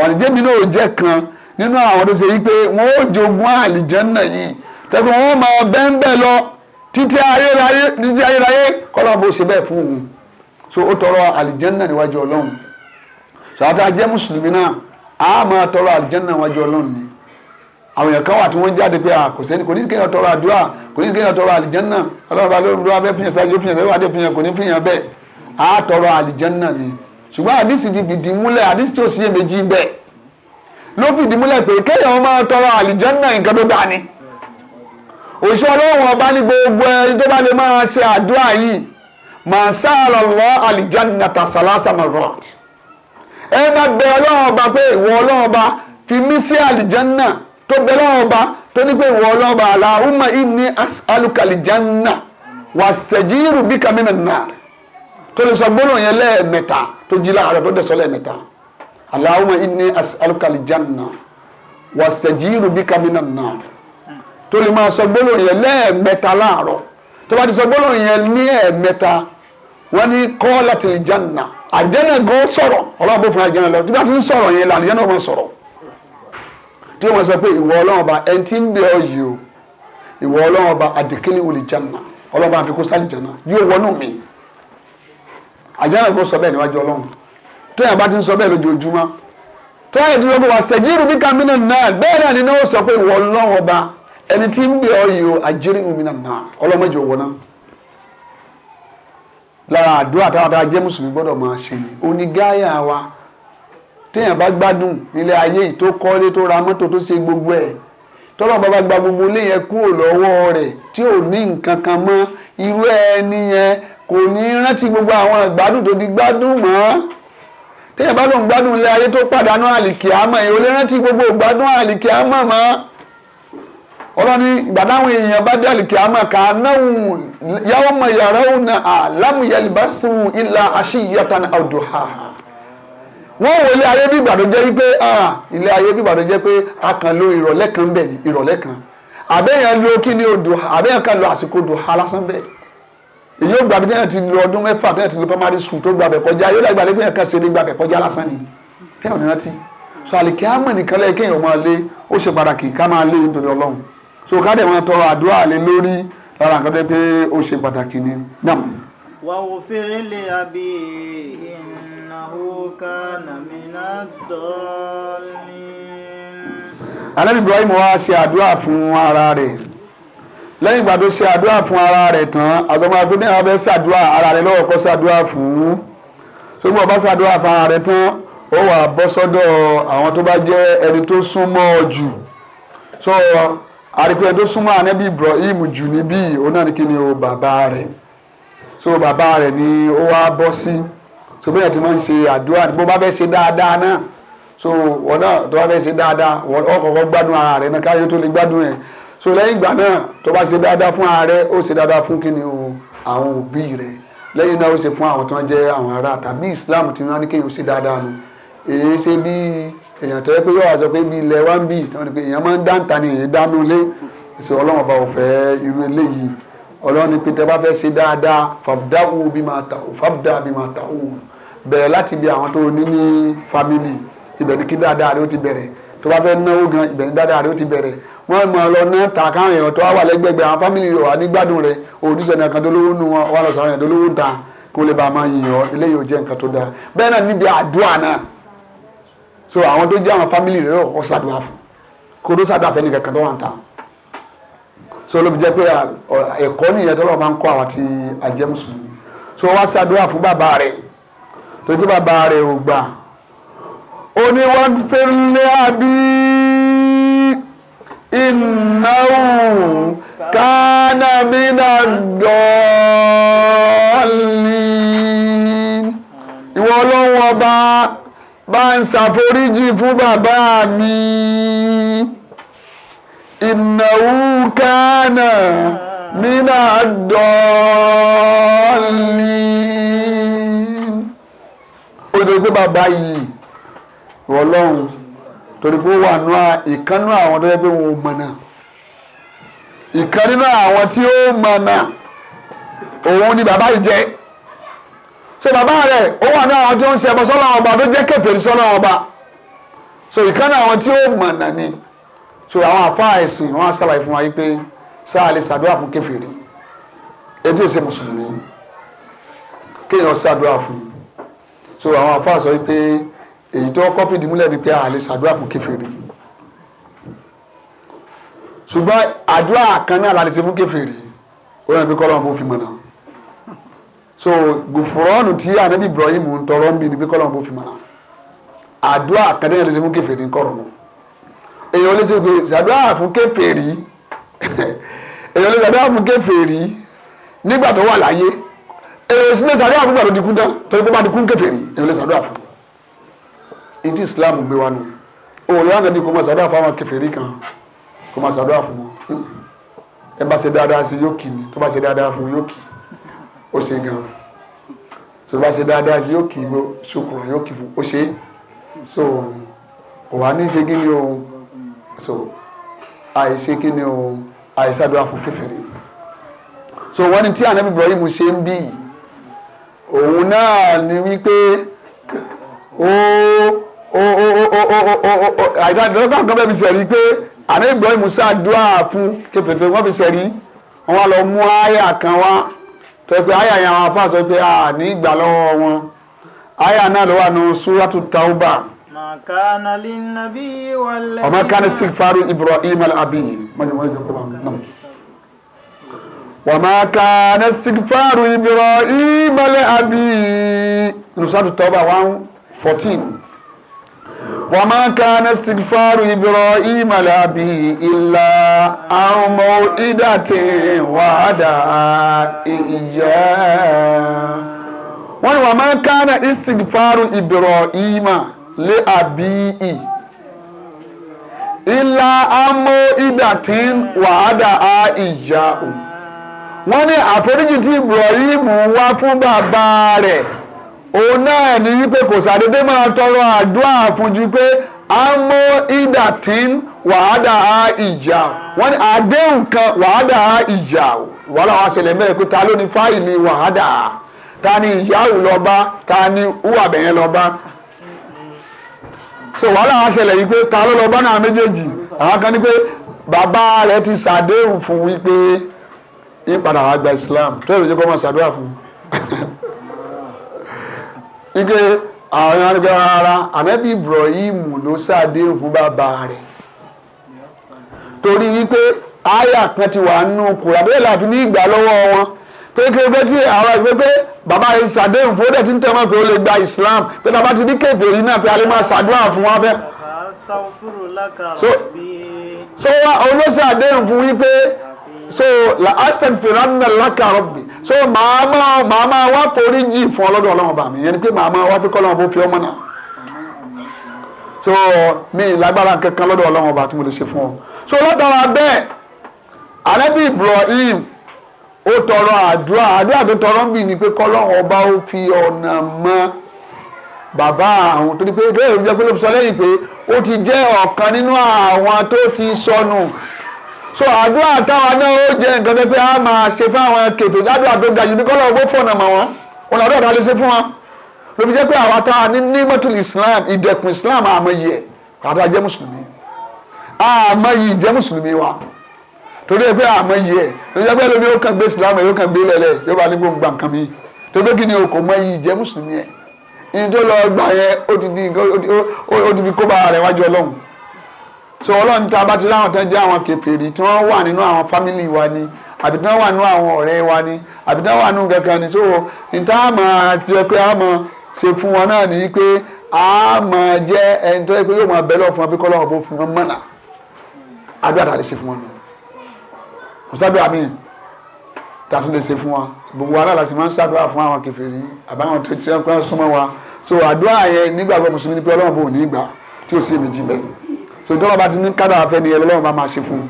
ọ̀nìjẹ́mi náà jẹ́ kan nínú àwọn tó ṣe yí pé wọ́n ó jogún àlìjẹ́nà yìí tẹ́kọ̀ wọ́n máa bẹ́ńbẹ́ lọ títí ayérayé títí ayérayé kọ́lọ́run bó ṣe so ó tọrọ àlìjẹ́nà níwájú ọlọ́run sọ àti ajẹ́ ọlọ́run ni àwọn èèyàn kan wà tí wọ́n jáde pé kò sẹ́ni kò ní kéèyàn tọrọ àdúrà kò ní kéèyàn tọrọ àlìjánná ọlọ́run bá lórí lọ́wọ́ abẹ́ fìyàn sáájú ó fìyàn sáájú adé fìyàn kò ní fìyàn bẹ́ẹ̀ á tọrọ àlìjánná ni ṣùgbọ́n àdìsí ti fìdí múlẹ̀ àdìsí tí ò sí èméjì ń bẹ ló fìdí múlẹ̀ pé kéèyàn máa tọrọ àlìjánná nǹkan tó gbà ni òṣìṣẹ́ ọlọ́run ọba ní gbogbo ẹni tó bá lè máa ṣe àdúrà yìí màá sáàlọ̀ lọ àlìjánná tàṣàlásà mọ̀rọ̀ ẹ má fi mí sí àlìjánná tó bẹ lọ́wọ́ba tó ní pé ìwọ ọlọ́ba Allahumma inni as'alukal janna wastajiru bika minan nar tó lè sọ gbólóhùn yẹn lẹ́ẹ̀mẹ́ta tó jí láàárọ̀ tó dẹ̀sọ́ lẹ́ẹ̀mẹ́ta Allahumma inni as'alukal janna wastajiru bika minan nar tó lè máa sọ gbólóhùn yẹn lẹ́ẹ̀mẹ́ta láàárọ̀ tó bá ti sọ gbólóhùn yẹn ní ẹ̀ẹ̀mẹ́ta wọ́n ní qalat al janna àjẹ́nà sọ̀rọ̀ ọlọ́run bó fún àjẹ́nà tó bá ti ń sọ̀rọ̀ yẹn làjẹ́nà sọ̀rọ̀ tí wọ́n sọ pé ìwọ ọlọ́run ọba ẹni tí ń bẹ ọ yìí o ìwọ ọlọ́run ọba àdìkílì wòlé jàǹnà ọlọ́ba àfikún sálì jàǹnà yóò wọnú mi àjànà kò sọ bẹ́ẹ̀ níwájú ọlọ́run tó yàn bá ti ń sọ bẹ́ẹ̀ lójoojúmọ́ tó yàn ti sọ pé wà sẹ̀jírù bí náà bẹ́ẹ̀ náà ni náà sọ pé ìwọ ọlọ́run ọba ẹni tí ń bẹ ọ yìí o àjírí òmìnira náà ọlọ́mọdé téèyàn bá gbádùn nílé ayé yìí tó kọ́lé tó ra mọ́tò tó ṣe gbogbo ẹ̀ tọ́lọ́ bàbá gba gbogbo ilé yẹn kúrò lọ́wọ́ rẹ̀ tí ò ní nǹkan kan mọ́ irú ẹni yẹn kò ní rántí gbogbo àwọn ìgbádùn tó ti gbádùn mọ́ téèyàn bá lòun gbádùn ilé ayé tó pàdánù àlìkíámọ̀ èèyàn ò lè rántí gbogbo ìgbádùn àlìkíámọ̀ mọ́ ọlọ́ni ìgbàdáwọn èèyàn bá dé àlìkíámọ̀ kà á náwùn yawma yarawna àlámùyẹlìbáṣùn ìlà àṣìyàtàn àdùhàhà wọ́n wo ilé ayé bí ìgbà tó jẹ́ wípé ilé ayé bí ìgbà tó jẹ́ pé a kàn lo ìrọ̀lẹ́ kan bẹ̀ ni ìrọ̀lẹ́ kan àbẹ́yẹn lo kí ni odò àbẹ́yẹn kan lo àsìkò odò alásán bẹ́ẹ̀ èyí ó gbà bí tẹ́yìn ti lo ọdún mẹ́fà tẹ́yìn ti lo primary school tó gbà bẹ̀ kọjá yóò dàgbà lẹ́gbẹ̀ẹ́ kan ṣe lé gbà bẹ̀ kọjá lásán ni tẹ́yìn ní rántí so àlìkẹ́ àmọ̀ nìkan lẹ́yìn kéèyàn so ká dẹ̀ máa tọrọ àdúrà lé lórí lára nǹkan tó pé ó innahu kana minad dallin. Ànábì Ibrahim wá ṣe àdúrà fún ara rẹ̀ lẹ́yìn ìgbà tó ṣe àdúrà fún ara rẹ̀ tán àtọ́mọ́ agbẹ́dẹ́ náà fẹ́ ṣàdúrà ara rẹ̀ lọ́wọ́ kọ́ ṣàdúrà fún sọ́gbọ́n ọba ṣàdúrà fún ara rẹ̀ tán ó wà bọ́ sọ́dọ̀ àwọn tó bá jẹ́ ẹni tó súnmọ́ jù sọ àrípẹ́ tó súnmọ́ ànábì Ibrahim jù níbí òun náà ní kí ni o bàbá rẹ̀ so bàbá rẹ̀ ni ó wá bọ́ sí. Si so bẹ́ẹ̀ tí wọ́n ń ṣe àdúrà bó bá fẹ́ ṣe dáadáa náà so wọn náà tó bá fẹ́ ṣe dáadáa wọn ọkọ̀ọ̀kọ̀ gbádùn ara rẹ náà káyọ̀ tó lè gbádùn ẹ̀ so lẹ́yìn ìgbà náà tó bá ṣe dáadáa fún ara rẹ ó ṣe dáadáa fún kíni o àwọn òbí rẹ lẹ́yìn náà ó ṣe fún àwọn tó ń jẹ́ àwọn ará tàbí Islam ti rán ní kéèyàn ṣe dáadáa nu èyí ṣe bí èèyàn tó yẹ pé yóò wá sọ pé bí ni èyí dánú lé ṣe Ọlọ́run ọba ò fẹ́ irú eléyìí Ọlọ́run pété bá fẹ́ ṣe dáadáa fàbdáwù bí máa tà fàbdá bí máa tà bẹ̀rẹ̀ láti bí àwọn tó ní ní family ibẹ̀ ni kí dáadáa rẹ ó ti bẹ̀rẹ̀ tó bá fẹ́ náwó gan ibẹ̀ ni dáadáa rẹ ó ti bẹ̀rẹ̀ wọ́n mọ̀ ọ́ lọ ná ta èèyàn tó wà lẹ́gbẹ̀gbẹ̀ àwọn family rẹ̀ wà nígbàdùn rẹ̀ òdìsẹ̀ nìkan tó lówó nù wọn wà lọ sàwọn èèyàn tó lówó ta kó lè bá a máa yìnyín eléyìí ò jẹ́ nǹkan tó dáa bẹ́ẹ̀ náà níbi àdúrà náà so àwọn tó jẹ́ àwọn family rẹ̀ ọ̀ ṣàdúrà fún kó ló ṣàdúrà fẹ́ nìkan kan tó wà ń ta so ló fi jẹ́ pé ẹ̀kọ́ nìyẹn tó lọ́ọ́ máa ń kọ́ àwọn àti àjẹmùsùn so wá ṣàdúrà fún bàbá rẹ̀ tó kí bàbá rẹ̀ ò gbà ó ní wọ́n fi lé àbí ìnáwó kánàmínà dọ́ọ̀lì ìwọ ọlọ́run ọba bá ń ṣàforíjì fún bàbá mi ìnáwó kánàmínà dọ́ọ̀lì nítorí pé bàbá yìí wọ lọ́hùn torí pé ó wà nù ìkànnú àwọn tó yẹ pé wọn ò mọ̀ náà ìkan nínú àwọn tí ó mọ̀ náà òun ni bàbá yìí jẹ́ so bàbá rẹ̀ ó wà ní àwọn tó ń ṣe ẹbọ sọ́nà ọba tó jẹ́ kèfèrí sọ́nà ọba so ìkan náà àwọn tí ó mọ̀ náà ni so àwọn àpá ẹ̀sìn wọn á ṣàlàyé fún wa yìí pé sáà lè ṣàdúrà fún kèfèrí ètò ìṣe mùsùlùmí kéèyàn ṣàdúrà fún so àwọn àfáà sọ wípé èyí tó kọ́pì dìmúlẹ̀ bíi pé a lè ṣàdúrà fún kèfèrí ṣùgbọ́n àdúrà kan náà la lè ṣe fún kèfèrí ó yàn pé kọ́lọ́mù fún fi mọ̀nà so gùfúrọ́ọ̀nù tí ànábì Ibrahim ń tọrọ ń bì ní pé kọ́lọ́mù fún fi mọ̀nà àdúrà kan náà la lè ṣe fún kèfèrí ń kọ̀rọ̀ mọ́ èyàn lè ṣe pé ṣàdúrà fún kèfèrí èyàn lè ṣàdúrà fún kèfèrí nígbà tó wà láyé èyí sílẹ̀ sàdúrà fún gbàdúrà dikú tán torí pé bá dikú kékeré èyí lè sàdúrà fún ìdí Islam gbé wa nù òòrùn àná ni kò máa sàdúrà fún àwọn kèfèrí kan kò máa sàdúrà fún wọn ẹ bá ṣe dáadáa sí yóò kì ní tó bá ṣe dáadáa fún yóò kì ó ṣe gan tó bá ṣe dáadáa sí yóò kì í ṣokùnrin yóò kì fún ó ṣe so kò wá ní ṣe kí ni o so àìṣe kí ni o àìsàdúrà fún kèfèrí so wọ́n ní tí ànábì Ibrahim ṣe ń bí yìí òun náà ni wípé ó ó ó ó ó ó àìsàdìlọ́gbà kan bẹ́ẹ̀ fi sẹ̀rí pé àná ìgbọ́ ìmúṣà dúà fún kẹfẹ́tẹ́ wọ́n fi sẹ̀rí wọ́n wá lọ mú àyà kan wá tó pé àyà yẹn àwọn afáàsọ pé a ní ìgbà lọ́wọ́ wọn àyà náà ló wà nù súrátù tàùbà. ọmọ kan ní Ibrahim al-Abi mọ̀nyẹ́mọ̀nyẹ́ kọ́ wàmà kàánà sigfaru Ibrahim li-abi nùsàtù tọ́ba one fourteen wàmà kàánà sigfaru Ibrahim li-abi illa an maw'idatin wa'adaha iyyah wọ́n ní wàmà kàánà sigfaru Ibrahim li-abi illa an maw'idatin wa'adaha iyyah. wọ́n ní àforíjì tí wá fún bàbá rẹ̀ òun náà ni wípé kò sàdédé máa tọrọ àdúrà fún ju pé amó ìdà tí ń wàhádà á ìjà wọ́n ní àdéhùn kan wàhádà á ìjà wàhálà wa ṣẹlẹ̀ mẹ́rin pé ta ló ní so wàhálà ṣẹlẹ̀ yìí pé ta ló náà méjèèjì ti fún wípé. yí padà wá gba Islam tó yẹ kó máa ṣàdúrà fún un. ike àwọn arúgbó ara ànábì Ibrahim ló ṣàdéhùn fún bàbá rẹ̀ torí wípé àyà kan ti wà nù kùrà bẹ́ẹ̀ làbí ní ìgbà lọ́wọ́ wọn kékeré tí àwọn ẹgbẹ́ pé bàbá yìí ṣàdéhùn fún ó dẹ̀ ti ń tẹ́wọ́n pé ó lè gba Islam pé bàbá ti ní kèfèrí náà pé a lè máa ṣàdúrà fún wọn bẹ́ẹ̀. so so olóṣèlú àdéhùn fún wípé so la astaghfiranna laka rabbi so màá máa màá máa wá forí jì fún ọlọ́dún ọlọ́run bàmí yẹn ni pé màá máa wá fi ọmọ náà so mi lágbára kankan lọ́dọ̀ ọlọ́run ọba tí mo lè ṣe fún so látara bẹ́ẹ̀ ànábì Ibrahim ó tọrọ àdúrà àdúrà tó tọrọ ń bì ní pé kọ́lọ́run ọba ó fi ọ̀nà mọ́ bàbá àwọn tó ní pé ìdóyè ìjọba ló sọ lẹ́yìn pé ó ti jẹ́ ọ̀kan nínú àwọn tó ti sọnù so àdúrà táwa náà ó jẹ nǹkan tó pé a máa ṣe fún àwọn kètò àdúrà tó ga jù ní kọ́lọ́ owó fọ̀nà mọ̀ wọ́n wọn àdúrà tá a lè ṣe fún wọn lóbi jẹ́ pé àwa táwa ní nímọ̀tòlì Islam ìdẹ̀kùn Islam àmọ̀yì ẹ̀ àdúrà jẹ́ mùsùlùmí àmọ̀yì jẹ́ mùsùlùmí wa torí ẹ pé àmọ̀yì ẹ̀ lóbi jẹ́ pé lóbi ó kàn gbé Islam yóò kàn gbé lẹ́lẹ̀ yóò bá ní gbòǹgbà nǹkan mi torí pé kí ni o kò mọ̀yì jẹ́ mùsùlùmí ẹ̀ ìdó lọ gbà yẹn ó ti di ó ti fi kó bá rẹ̀ wájú Ọlọ́run so ọlọ́run tá a bá ti láwọn tán jẹ́ àwọn kèfèrí tí wọ́n wà nínú àwọn fámìlì wa ni àbí tí wọ́n wà nínú àwọn ọ̀rẹ́ wa ni àbí tí wọ́n wà nínú kankan ni so nta máa jẹ pé a máa ṣe fún wọn náà ní pé a máa jẹ ẹni tó yẹ pé yóò máa bẹ lọ fún wọn bí kọ́lọ́wọ́ bó fún wọn mọ̀nà àbí àtàlẹ́ ṣe fún wọn nù kò sábẹ́ àmì tàtún lè ṣe fún wa gbogbo aláàlá sì máa ń ṣàdúrà fún àwọn kèfèrí àbáwọn tó ti ẹ̀ ń pẹ́ wa so àdúrà yẹn nígbàgbọ́ mùsùlùmí ni pé ọlọ́run bò ní ìgbà tí ò sí èmi jí bẹ́ẹ̀ so tọ́lọ́ bá ti ní kádà afẹ́ ni ẹlọ́run bá máa ṣe fún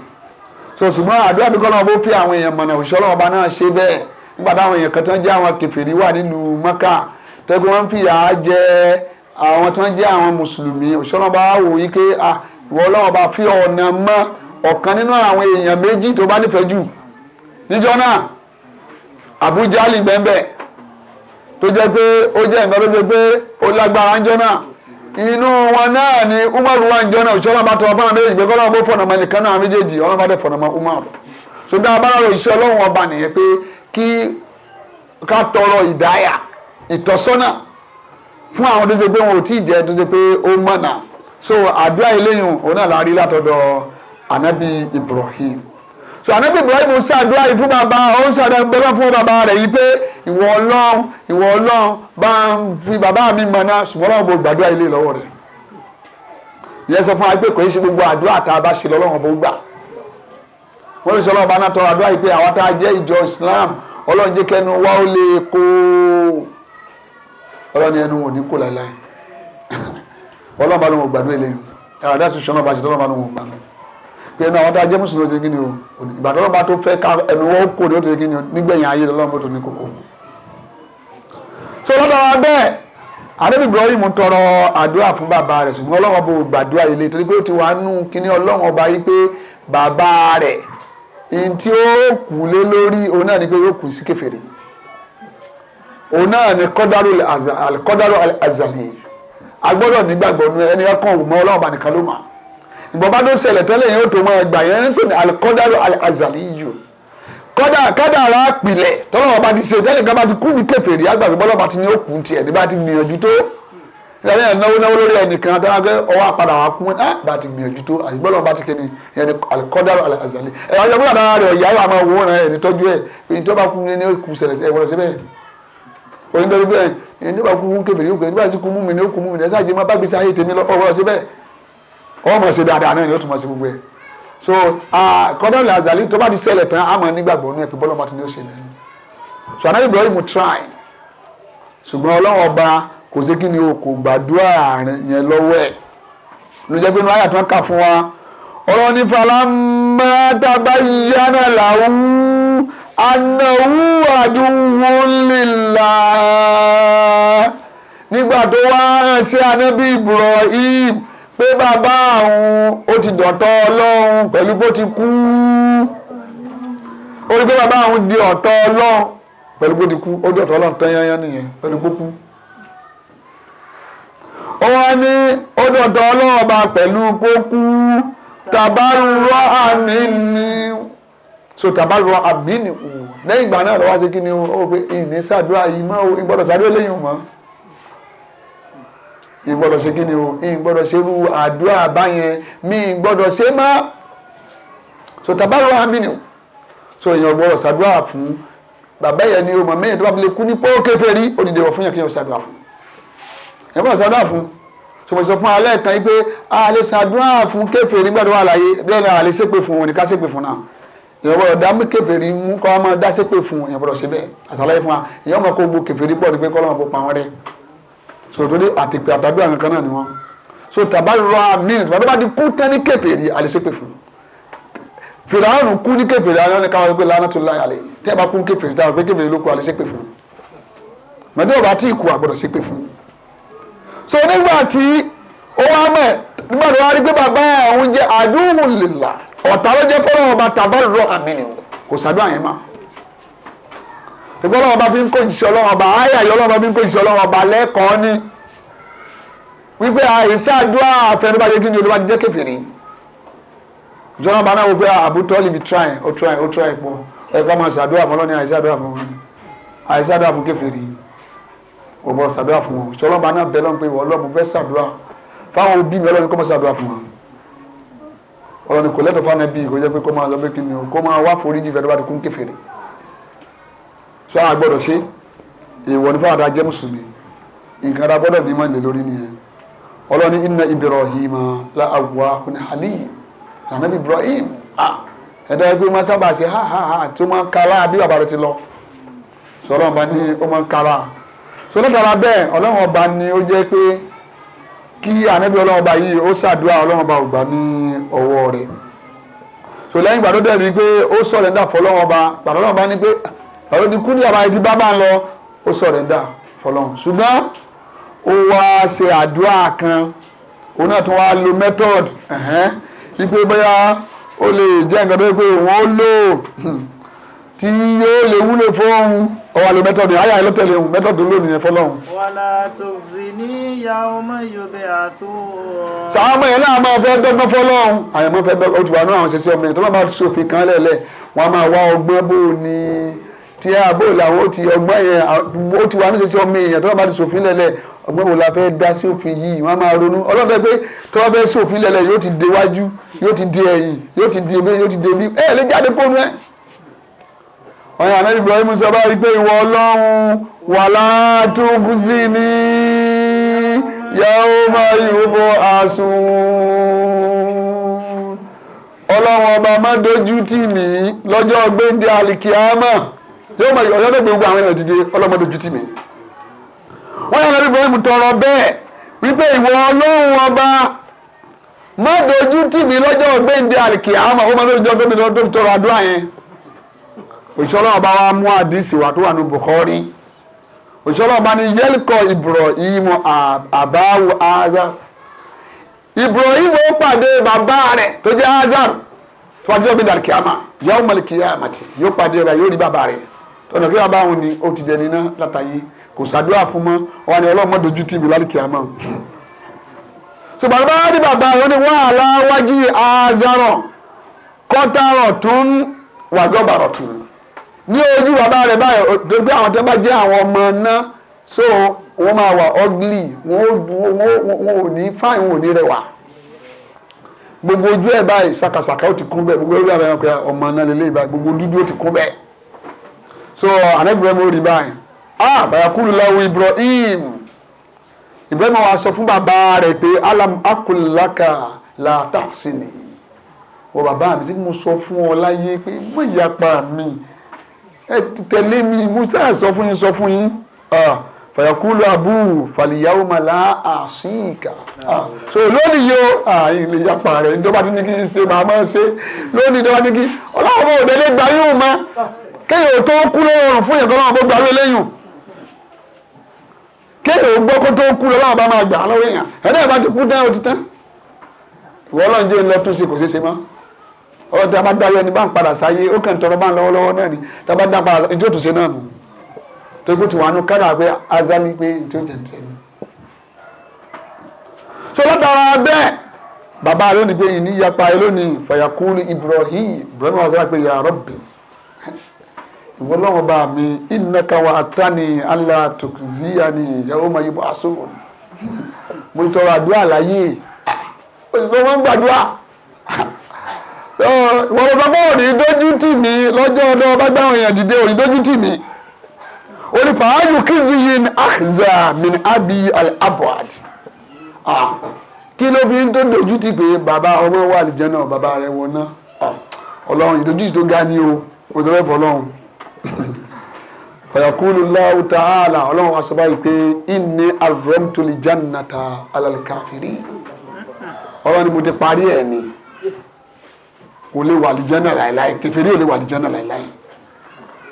so ṣùgbọ́n àdúrà bí kọ́lọ́ bó pé àwọn èèyàn mọ̀nà òṣìṣẹ́ ọlọ́run bá náà ṣe bẹ́ẹ̀ nígbà táwọn èèyàn kan tán jẹ́ àwọn kèfèrí wà nílùú mọ́kà tẹ́gbẹ́ wọ́n ń fìyà jẹ àwọn tán jẹ́ àwọn mùsùlùmí òṣìṣẹ́ ọlọ́run bá wò yí pé ìwọ ọlọ́run bá fi ọ̀nà mọ́ ọ̀kan nínú àwọn èèyàn méjì tó bá nífẹ̀ẹ́ jù níjọ́ náà àbújá lì bẹ́ẹ̀ tó jẹ́ pé ó jẹ́ nǹkan tó ṣe pé ó lágbára níjọ́ náà inú wọn náà ni Umaru wa ń jọ náà òṣìṣẹ́ ọlọ́run bá tọ́ ọbọ̀n méjì pé kọ́lọ́run bó fọ̀nà mọ́ nìkan náà méjèèjì ọlọ́run bá tẹ̀ fọ̀nà mọ́ Umaru so bí abára rẹ̀ òṣìṣẹ́ ọlọ́run ọba nìyẹn pé kí ká tọrọ ìdáyà ìtọ́sọ́nà fún àwọn tó ṣe pé wọn ò tí ì jẹ tó ṣe pé ó mọ̀nà so àdúrà eléyìí òun náà la rí látọ̀dọ̀ Ànábì Ibrahim so anabi ibrahim ṣàdúrà yìí fún bàbá òun ṣàdúrà gbẹlẹ fún bàbá rẹ̀ yìí pé ìwọ Ọlọ́run ìwọ Ọlọ́run bá ń fi bàbá mi mọ̀nà ṣùgbọ́n Ọlọ́run bò gbàdúrà ilé lọ́wọ́ rẹ̀ ìyẹn sọ fún wa pé kò ní ṣe gbogbo àdúrà tá a bá ṣe lọ́lọ́run bó gbà wọ́n lè sọ Ọlọ́run bá náà tọrọ àdúrà yìí pé àwa tá a jẹ́ ìjọ Islam Ọlọ́run jẹ́ kẹ́nu wa ó lè kó Ọlọ́run ẹnu wò ní kó láéláé Ọlọ́run bá lóun gbàdúrà ilé yìí àdá tuntun Ọlọ́run bá ṣe tọ́lọ́run bá lóun gbàdúrà pé ẹnu àwọn tó ajé mùsùlùmí ó ti kíni o ìgbà tó lọ́ba tó fẹ́ ká ẹnu wọn kò ní ó ti kíni o nígbẹ̀yìn ayé lọ́lọ́mọ tó ní kókó. so lọ́dọ̀ wa bẹ́ẹ̀ adébí Ibrahim tọrọ àdúrà fún bàbá rẹ̀ ṣùgbọ́n Ọlọ́run bò gbàdúrà yìí lé torí pé ó ti wà nù kíní Ọlọ́run ọba yìí pé bàbá rẹ̀ n tí ó kù lé lórí òun náà ni pé yóò kù sí kèfèrí òun náà ni kọ́dárò àzàlẹ̀ agbọ́dọ̀ nígbàgbọ́ ẹni ẹ̀kọ́ òun mọ́ ọlọ́ọ̀bà nìkan ló mà ìbọ̀bá tó ṣẹlẹ̀ tẹ́lẹ̀ yẹn ó tó máa gbà yẹn nítorí alikọ́dáró azàlíyù kọ́dà kádàrá pilẹ̀ tọ́lọ́wọ́ bá ti ṣe tẹ́lẹ̀ kan bá ti kú ní kèfèrí àgbàgbé bọ́lọ́ bá ti ní òkú tiẹ̀ ní bá ti gbìyànjú tó ìrẹ̀lẹ̀ náwó náwó lórí ẹnìkan tó wá pé ọwọ́ àpàdà wà kún ẹ́ bá ti gbìyànjú tó àgbọ̀lọ́ bá ti kéde ìyẹn alikọ́dáró azàlí ẹ̀ ọjọ́ bọ́lá dára rẹ̀ ọ̀yá àwọn owó rẹ̀ ẹ̀ nítọ́jú ẹ̀ èyí tó bá kú ní òkú ṣẹlẹ̀ ẹ̀ wọ́n wọ́n mọ̀ ṣe dáadáa náà ni ó tún mọ̀ ṣe gbogbo ẹ̀ so kọ́dọ̀lì ah, azali tó bá ti ṣẹlẹ̀ tán àmọ́ nígbàgbọ́ nínú ẹ̀ pé bọ́lọ́mọ ti ní ó ṣe lẹ́yìn so anabi ibrahim try ṣùgbọ́n ọlọ́run ọba kò sí kí ni o kò gbàdúrà yẹn lọ́wọ́ ẹ̀ ló jẹ́ pé inú àyà tó ń kà fún wa ọlọ́run ní falamma tabayyana lahu annahu aduwwun lillah nígbà tó wá rán sí anabi ibrahim pé bàbá òun ó ti dọ̀tọ̀ ọlọ́run pẹ̀lú bó ti kú ó rí pé bàbá òun di ọ̀tọ̀ ọlọ́run pẹ̀lú bó ti kú ó di ọ̀tọ̀ ọlọ́run tán yányán nìyẹn pẹ̀lú bó kú. ó wá ní ó di ọ̀tọ̀ ọlọ́run ọba pẹ̀lú bó kú tàbárò àmì ni so tàbárò àmì ni lẹ́yìn ìgbà náà lọ́wọ́ sí kí ni ó rò pé ìní ṣàdúrà yìí mọ́ ìgbọ́dọ̀ ṣàdúrà lẹ́yìn mọ́ ìgbọ́dọ̀ ṣe kíni o ìgbọ́dọ̀ ṣe irú àdúrà báyẹn mi ìgbọ́dọ̀ ṣe má so tabaru aminu so èèyàn gbọ́dọ̀ ṣàdúrà fún bàbá yẹn ni o mọ̀ mẹ́yìn tó bá fi lè kú ní pókèpè rí ó dìde wọ̀ fún yẹn kí yẹn ṣàdúrà fún yẹn gbọ́dọ̀ ṣàdúrà fún so mo sọ fún alẹ́ kan yìí pé a lè ṣàdúrà fún kèfèrí nígbà tó wà láyé bẹ́ẹ̀ ni a lè ṣépè fún òun ní ká ṣépè fún náà èèyàn gbọ́dọ̀ dá kèfèrí mú kọ́ ọmọ dá ṣépè fún èèyàn gbọ́dọ̀ ṣe bẹ́ẹ̀ àṣàlàyé fún wa èèyàn ọmọ kó gbó kèfèrí pọ̀ ní pé kọ́ ọmọ kó pa wọn rẹ́ sòtòrí àti pé àtàgbé àwọn kan náà ni wọn so tàbá rọ àmì tàbá tó bá ti kú tán ní kèfèrí àlèṣépè fún un fìdáhùn kú ní kèfèrí àwọn ẹni káwọn ẹgbẹ́ lánàá tó láyà àlè tí a bá kú ní kèfèrí táwọn ẹgbẹ́ kèfèrí ló kú àlèṣépè fún un mẹ́tẹ́ ọ̀bá tí ìkú àgbọ̀dọ̀ ṣépè fún un so nígbà tí ó wá mọ̀ nígbà tó wá rí pé bàbá òun jẹ àdúhùn lìlà ọ̀tá ló jẹ́ fọ́nà ọba tàbá rọ àmì kò sàdúrà yẹn máa ṣùgbọ́n ọlọ́run ọba fi ń kó ìṣiṣẹ́ ọlọ́run ọba ayé àyè ọlọ́run ọba fi ń kó ìṣiṣẹ́ ọlọ́run ọba lẹ́kọ̀ọ́ ni wípé àìsàn àdúrà àfẹnubàjẹ́ kí ni olúwa ti jẹ́ kẹfìrí jọlọ bá náà wò pé àbútọ́ lè bi try ó try ó try pọ̀ ẹ̀ka máa ṣàdúrà fún ọlọ́ni àìṣàdúrà fún wọn àìṣàdúrà fún kẹfìrí ò bọ̀ ṣàdúrà fún wọn jọlọ bá náà bẹ̀ lọ́n pé wọ́n lọ́mú fẹ́ ṣàdúrà fáwọn òbí mi kò lẹ́tọ̀ọ́ fáwọn ẹbí kò jẹ́ pé kó máa lọ pé kí ni o kó máa wá foríjì fẹ́ẹ́ tó kún kẹfìrí so a gbọ́dọ̀ ṣe èèwọ̀ ní fáwọn adájẹ́ mùsùlùmí nǹkan tá a gbọ́dọ̀ ní mọ̀ ní lórí nìyẹn ọlọ́ni inna Ibrahim la awwa kun halim ànábì Ibrahim ah ẹ̀dá ẹgbẹ́ máa sábà ṣe ha ha ha tí ó máa ń kala bí bàbá rẹ ti lọ so ọlọ́run ọba ní ó máa ń kala so látara bẹ́ẹ̀ ọlọ́run ọba ni ó jẹ́ pé kí ànábì ọlọ́run ọba yìí ó ṣàdúrà ọlọ́run ọba ò gbà ní ọwọ́ rẹ̀ so lẹ́yìn ìgbà rí i pé ó sọ̀rọ̀ ẹ̀dá fọlọ́run ọba gbàdọ́ ọba ní pé ọ̀rọ̀ ti kú ní àbáyé ti bábà ń lọ ó sọ̀rọ̀ dà fọlọ́n ṣùgbọ́n ó wá ṣe àdúrà kan òun náà tún wá lo method ipe bóyá ó lè jẹ́ nǹkan tó yẹ pé òun ó lò tí yóò lè wúlò fóun ọwọ́ àlò method yẹn ayà ẹlọ́tẹ̀lẹ̀ òun method ló nìyẹn fọlọ́hún. wàlá tòzì ní ìyá ọmọ yorùbá àtò. sàwọn ọmọ yẹn náà máa fẹ́ dọ́gbọ́n fọlọ́hún àyàmọ́ fẹ́ dọ́gbọ́n ó ti wà nínú àwọn ṣẹṣẹ ọmọ yẹn tó bá máa kan lẹ̀lẹ̀ wọ́n á máa wá ọgbọ́n bò ní tí a bó làwọn ó ti ọgbọ́n yẹn ó ti wà níṣẹ́ ọmọ èèyàn tó bá ti sòfin lẹ́lẹ̀ ọgbọ́n wo la fẹ́ dá sí òfin yìí wọ́n á máa ronú ọlọ́dẹ pé tó bá fẹ́ sí òfin yóò ti dé wájú yóò ti dé ẹ̀yìn yóò ti dé yóò ti dé bí ẹ̀ lè jáde kónú ẹ̀. ọ̀yàn àná Ibrahim sọ bá rí pé ìwọ ọlọ́run wà látúgúsí ni yàwó máa yòókù àsùn ọlọ́run ọba má dojú tì mí lọ́jọ́ gbéńdé yóò mọ ọyọ lẹgbẹ gbogbo àwọn ènìyàn dìde ọlọmọdé ju tì mí. wọn yàrá bí Ibrahim tọrọ bẹ́ẹ̀ wípé ìwọ Ọlọ́run ọba má dojú tì mí lọ́jọ́ gbẹǹde àlìkì àmọ́ ó máa lójújọ gbẹmí lọ tó tọrọ àdúrà yẹn. òṣìṣẹ́ Ọlọ́run ọba wa mú àdìsí wa tó wà ní Bukhari òṣìṣẹ́ Ọlọ́run ọba ní yẹlkọ Ibrahim àbáwò azar Ibrahim ó pàdé bàbá rẹ̀ tó jẹ́ azar tó wà ní ọjọ́ gbẹǹde àlìkì àmọ́ yawmal qiyamati yóò pàdé rẹ̀ yóò rí bàbá rẹ̀ ọ̀nà kí bàbá òun ni ó ti dẹni iná látàyè kò sàdúrà fún mọ́ wọn ni ọlọ́run mọ́dojú tì mí lálùkì àmọ́. ṣùgbọ́n bá rí bàbá òun ni wọ́n àlá wájú azarọ̀ kọ́tàrọ̀ tún wàjọ́bàrọ̀ tún ní ojú bàbá rẹ̀ báyìí tó àwọn tó bá jẹ́ àwọn ọmọ náà so wọ́n máa wà ugly wọ́n ò ní fine wọ́n ò ní rẹwà gbogbo ojú ẹ̀ báyìí ṣàkàṣàkà ó ti kún bẹ́ẹ̀ gbogbo orí àwọn so anabibrahim ó rí báyìí ah bayakulu lawu ibrahim ibrahim wa sọ fún bàbá rẹ̀ pé alam akulaka la taksini wọ oh, bàbá mi sí mo sọ fún ọ láyé pé mo yapa mi ẹ tẹ̀lé mi musa sọ fún yín sọ fún yín ah, fàyàkúlù Abu fàlìyàwó màlá àṣìkà so lónìí yóò àyìn ah, lè yapa rẹ̀ ìjọba tí ní kí n ṣe màá máa ṣe lónìí ìjọba ní kí ọlọ́run ò délé gbà yóò máa. kéèyàn tó kú lọ́rùn fún yẹn kọ́lọ́wọ́ gbogbo àwọn eléyìn kéèyàn gbọ́ kó tó kú lọ́wọ́ bá máa gbà lọ́wọ́ èèyàn ẹ̀dá ìbá ti kú dá ọ tán ìwọ ọlọ́run jẹ́ lọ́tún sí kò ṣeéṣe mọ́ ọ̀rọ̀ tí a bá dá yẹn bá ń padà sáyé ó kàn tọrọ bá ń náà ni tí a bá dá padà ìjọ tó ṣe náà nù tó wà azali pé ìjọ ìwọlọ́wọ́ bá mi ìnaka wa tani allah tukziya ni ìyàwó ma yíbo aṣọ mo tọrọ àdúrà láyé òṣìṣẹ́ wọn gbàdúrà ìwọlọ́ bá bọ́ọ̀ ní dójú tì mí lọ́jọ́ ọdọ́ bá gbàwọn èèyàn dìde òní dójú tì mí òní fàáyù kìzìyìn àkìzà min abi al-abwad kí ló fi ń tó dojú ti pé bàbá ọmọ wà lìjẹ́ náà bàbá rẹ̀ wọ̀ náà ọlọ́run ìdójútì tó ga ni o òṣèré fọlọ́run fayakulu Allahu ta'ala ọlọ́run wa sọ báyìí pé inni arọ́mtòlì jannata alalikafiri ọlọ́run ni mo ti parí ẹ̀ ni kò lè wà lìjánà láìláì kẹfẹ́rí ò lè wà lìjánà láìláì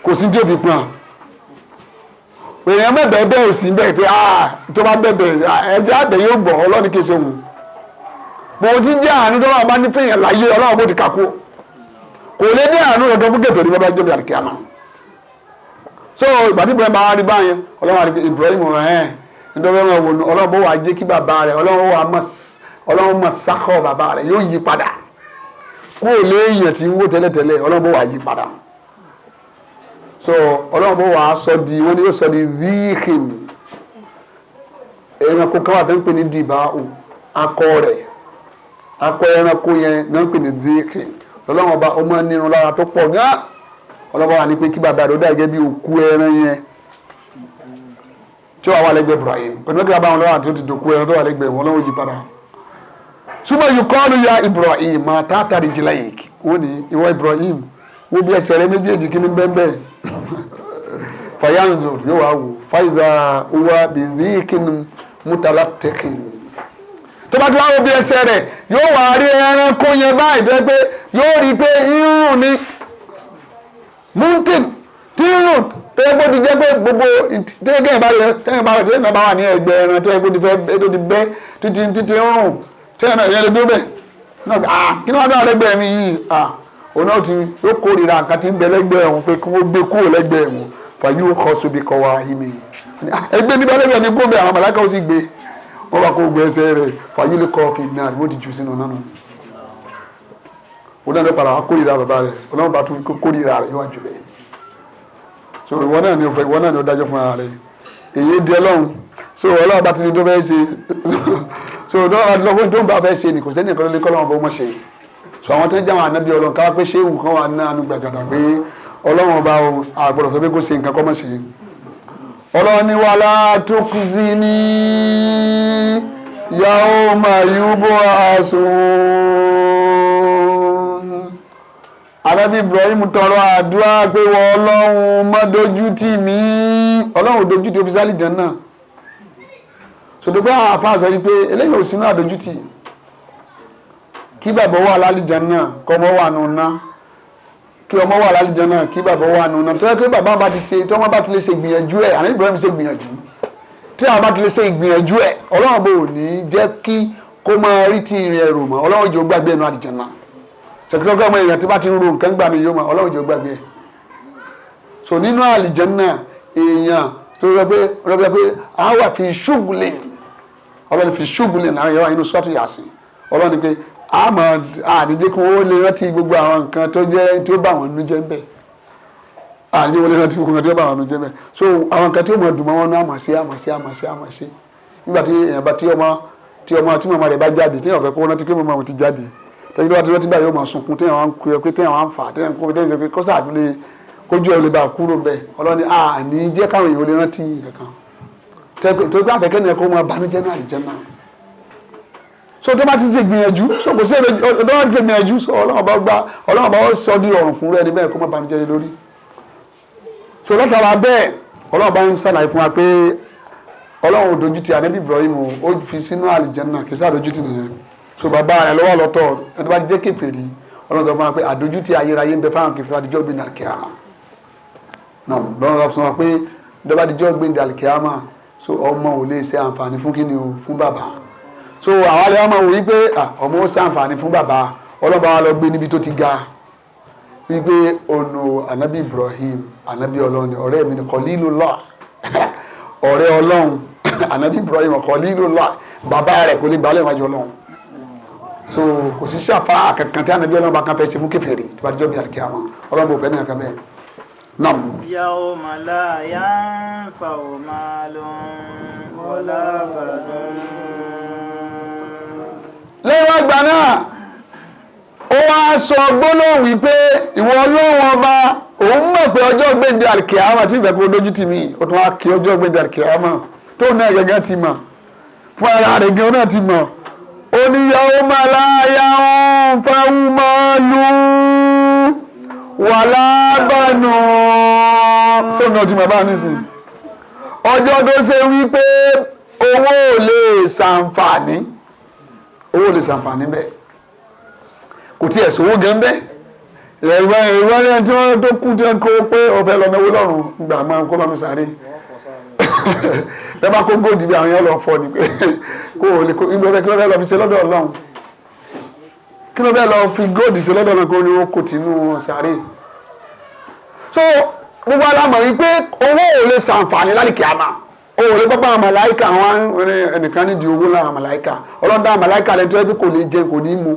kò sí jèbi pọ́n èèyàn mẹ́bẹ̀ẹ́ bẹ́ẹ̀ sí bẹ́ẹ̀ pé ah tó bá bẹ̀bẹ̀ ẹ̀jẹ̀ àbẹ̀ yóò gbọ̀ ọlọ́run kì í ṣe wù mo ti jẹ́ àánú tó wà bá ní fẹ́yàn láyé ọlọ́run bó ti kà kú kò lè ní àánú rẹ̀ tó fún kẹfẹ́rí bá bá jẹ́ bí àdìkẹ́ àmà so ìgbà tí Ibrahim bá rí báyẹn ọlọ́run àti Ibrahim rẹ̀ ẹ̀ nítorí ọlọ́run wò ní ọlọ́run bó wàá jẹ́ kí bàbá rẹ̀ ọlọ́run wà mọ̀ ọlọ́run mọ̀ sákọ̀ bàbá rẹ̀ yóò yí padà kó o léèyàn tí ń wó tẹ́lẹ̀tẹ́lẹ̀ ọlọ́run bó wàá yí padà so ọlọ́run bó wàá sọ di wọ́n ní yóò sọ di ríhìn ẹranko káwá tó ń pè ní dìbà akọ rẹ̀ akọ ẹranko yẹn náà ń pè ní ríhìn ọlọ́run ọba ó máa ń lára tó pọ̀ gán ọlọ́ba wa ni pé kí bàbá rẹ̀ ó dàgẹ́ bí òkú ẹran yẹn tí ó wà wà lẹ́gbẹ̀ẹ́ Ibrahim pẹ̀lú kí bàbá wọn lọ́wọ́ àti ó ti dòkú ẹran tó wà lẹ́gbẹ̀ẹ́ wọn lọ́wọ́ yí padà. súnmọ́ yìí kọ́ ló ya Ibrahim máa tá àtàrí jìlá yìí wọ́n ní ìwọ Ibrahim wọ́n bí ẹsẹ̀ rẹ méjèèjì kí ni bẹ́ẹ̀ fayanzo yóò wá wò faiza uwa bizikin mutalatekin tó bá ti wá wo bí ẹsẹ̀ rẹ̀ yóò wá rí mountain tírù tẹ́gbó ti jẹ́ pé gbogbo tẹ́gbẹ́ bá yẹ tẹ́gbẹ́ bá yẹ tẹ́gbẹ́ bá wà ní ẹgbẹ́ ẹran tẹ́gbó ti fẹ́ tó ti bẹ́ títí títí ọ̀hún tẹ́gbẹ́ yẹn lè dúró bẹ́ẹ̀ náà bí ah kí ni wọ́n dára lẹ́gbẹ̀ẹ́ mi yìí ah òun náà ti yóò kórìíra nǹkan ti ń bẹ lẹ́gbẹ̀ẹ́ òun pé kí wọ́n gbé kúrò lẹ́gbẹ̀ẹ́ òun fàyè ó kọ́ sóbi kọ́ wa ìmì ẹgbẹ́ níbẹ̀ lẹ́gbẹ̀ẹ́ ni gbọ́n bẹ́ẹ̀ àwọn màláìka ó sì gbé wọ́n bá kó gbé ẹsẹ̀ rẹ̀ fàyè ó lè kọ́ fi náà wọ́n ti jù sínú náà òun náà ló padà wá kórìíra bàbá rẹ̀ òun náà bá tún kórìíra rẹ̀ níwájú rẹ̀ so ìwọ náà ni ìwọ náà ni ó dájọ́ fún ara rẹ̀ èyí di ọlọ́run so ọlọ́run bá ti ní tó fẹ́ ṣe so ọlọ́run lọ́wọ́ tó ń bá fẹ́ ṣe ni kò sẹ́ni ìkọ́lé lé kọ́lọ́run bó mọ̀ ṣe so àwọn tó ń jáwọn ànábì ọlọ́run káwá pé ṣéwù kan wà nínú gbàgàdà pé ọlọ́run ọba àgbọ̀dọ̀ sọ pé kò ṣe nǹkan kọ́ mọ̀ ṣe ọlọ́run ni wàhálà tó kù sí ní yàwó màyúbọ̀ àṣùwọ̀n àrẹ́bí Ibrahim tọrọ àdúrà pé wọ́n ọlọ́run má dojú tì mí ọlọ́run dojú tì obìsálì dán náà sọdọ́gbà àpá sọ yìí pé eléyìí ò sínú àdójú tì kí bàbá wà lálìjẹ náà kọ́ ọmọ wà nù náà kí ọmọ wà lálejò náà kí bàbá wà nù náà tọ́jú pé bàbá bá ti ṣe tí wọ́n bá ti lè ṣe ìgbìyànjú ẹ̀ àní Ibrahim ṣe ìgbìyànjú tí àwọn bá ti lè ṣe ìgbìyànjú ẹ̀ Ọlọ́run bò ní jẹ́ kí kó máa rí ti ìrìn ẹ̀rù mọ́ Ọlọ́run jò gbàgbé ẹnu àdìjẹ náà sọ̀kìtọ́gbà àwọn èèyàn tí bá ti ń ro nǹkan gbà mí yóò máa ọlọ́run jẹ́ gbàgbé ẹ̀ so nínú àlìjẹ́nnà èèyàn tó rẹ pé rẹ pé a wà fi ṣùgbùlẹ̀ ọlọ́run fi ṣùgbùlẹ̀ náà yẹ wá inú sọ́ọ̀tù yàsìn ọlọ́run pé a mọ̀ àdídé kí wọ́n lè rántí gbogbo àwọn nǹkan tó jẹ́ tí ó bá wọn nu jẹ́ bẹ́ẹ̀ àdídé wọ́n rántí gbogbo nǹkan tí ó bá wọn nu jẹ́ bẹ́ẹ̀ so àwọn nǹkan tí ó mọ̀ dùn mọ́ wọn náà àmọ̀ sí àmọ̀ sí àmọ̀ sí àmọ̀ sí nígbà tí ọmọ tí ọmọ tí màmá rẹ̀ bá jáde tí èèyàn fẹ́ kó rántí pé màmá òun ti jáde tẹ́jú ló bá ti rẹ́ tígbà yóò máa sunkún téèyàn wá ń kú ẹ pé téèyàn wá ń fà téèyàn kó téèyàn pé kọ́sà àti lè kójú ẹ lè bá kúrò bẹ́ẹ̀ ọlọ́ni a ní jẹ́ káwọn èèyàn lè rántí kankan tó gbà fẹ́ kẹ́nìyàn kó máa banújẹ́ náà lè jẹ́ náà so tó bá ti ṣe gbìyànjú so kò sí ọdún bá ti ṣe gbìyànjú so ọlọ́run bá gbà ọlọ́run bá sọ di ọ̀rùn fún rẹ́ni bẹ́ẹ̀ kó máa banújẹ́ lórí so látara bẹ́ẹ̀ ọlọ́run bá ń sàlàyé fún wa pé ọlọ́run ò dójútì ànábì Ibrahim ó fi sínú àlìjẹ́ náà kì í sáà dójútì nìyẹn so bàbá rẹ̀ lọ́wọ́ lọ́tọ̀ ẹni tó bá jẹ́ kèfèrí ọlọ́run sọ fún wa pé àdójútì ayérayé ń bẹ fáwọn kèfèrí àdìjọ́ gbé dàlkìámà náà lọ́run sọ fún wa pé dọ́bà àdìjọ́ gbé dàlkìámà so ọmọ ò lè ṣe àǹfààní fún kíni o fún bàbá so àwa lè ọmọ wòye pé ọmọ ó ṣe àǹfààní fún bàbá ọlọ́ba wa lọ gbé níbi tó ti ga wípé ọ̀nà anabi Ibrahim anabi ọlọ́run ni ọ̀rẹ́ mi ni Khalilullah ọ̀rẹ́ ọlọ́run anabi Ibrahim Khalilullah bàbá rẹ̀ kò lè gbalẹ̀ wájú ọlọ́run so kò sí ṣàfà kankan tí anabi ọlọ́run bá kan fẹ́ ṣe fún kèfèrí tó bá dijọ́ bí àlùkí àwọn ọlọ́run bò fẹ́ ní kankan bẹ́ẹ̀ nam. yawma la yanfa'u malun wala banun. lẹ́yìn àgbà náà ó wáá sọ gbólóhùn wípé ìwọ ọlọ́run ọba òun mọ̀ pé ọjọ́ gbèdé àlùkí àwọn àti ìgbà pé ojú ti mi ó tún wá kí ọjọ́ gbèdé àlùkí àwọn tó náà gẹ́gẹ́ ti mọ̀ fún ara rẹ̀ gan náà ti mọ̀ oníyàwó màláyà ń fẹ́hùn máa lù wà lábànú. sọ́nà ọtí bàbá mi sì ọjọ́ tó ṣe wípé owó ò lè ṣàǹfààní owó ò lè ṣàǹfààní bẹ́ẹ̀ kò tí ẹ̀ sówó gan bẹ́ẹ̀ ẹ̀rọ ẹ̀rọ ẹ̀rọ tí wọ́n tó kú tí wọ́n kó pé ọ̀fẹ́ lọ́mọ ewé lọ́rùn gbà máa ń kó bá mi sáré. tẹ́bá kó góòdì bí àwọn yẹn lọ fọ ni pé kó o lè kó ibi ọbẹ̀ kí ló fẹ́ lọ fi ṣe lọ́dọ̀ ọlọ́run kí ló fẹ́ lọ fi góòdì ṣe lọ́dọ̀ ọlọ́run kó ní o kò tí inú wọn sáré. so gbogbo alámọ̀ yìí pé owó ò lè ṣàǹfààní lálìkí àmà o ò lè gbọ́gbọ́n àwọn màláìkà wọn ẹnìkan nídìí owó lára màláìkà ọlọ́dọ̀ màláìkà lẹ́tọ́ ẹ kò ní jẹ kò ní mu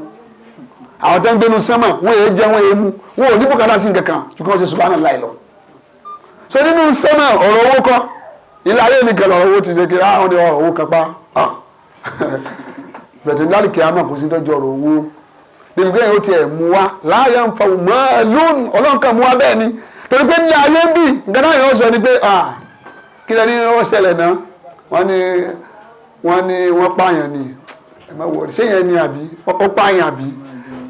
àwọn tó ń gbénu sánmà wọn èé jẹ wọn èé mu wọn ò ní bùkátà sí nǹkan kan ṣùgbọ́n ṣe subhanallah lọ. so nínú sánmà ọ̀rọ̀ owó kọ́ ilé ayé nìkan lọ́rọ̀ owó ti ṣe kí àwọn ọ̀rọ̀ owó kan pa bẹ̀tẹ̀ láti kí a mọ̀ kó sí tọ́jú ọ̀rọ̀ owó níbi pé ó tiẹ̀ mú wa láàyè ń fa òmọ́ ẹ lónìí ọlọ́run kan mú wa bẹ́ẹ̀ ni torí pé ní ayé bì nǹkan náà yóò sọ ni pé kí lẹ́ni ó ṣẹlẹ̀ náà wọ́n ní wọ́n ní wọ́n pààyàn ni ẹ má wọ̀ ṣé yẹn ni àbí ó pààyàn àbí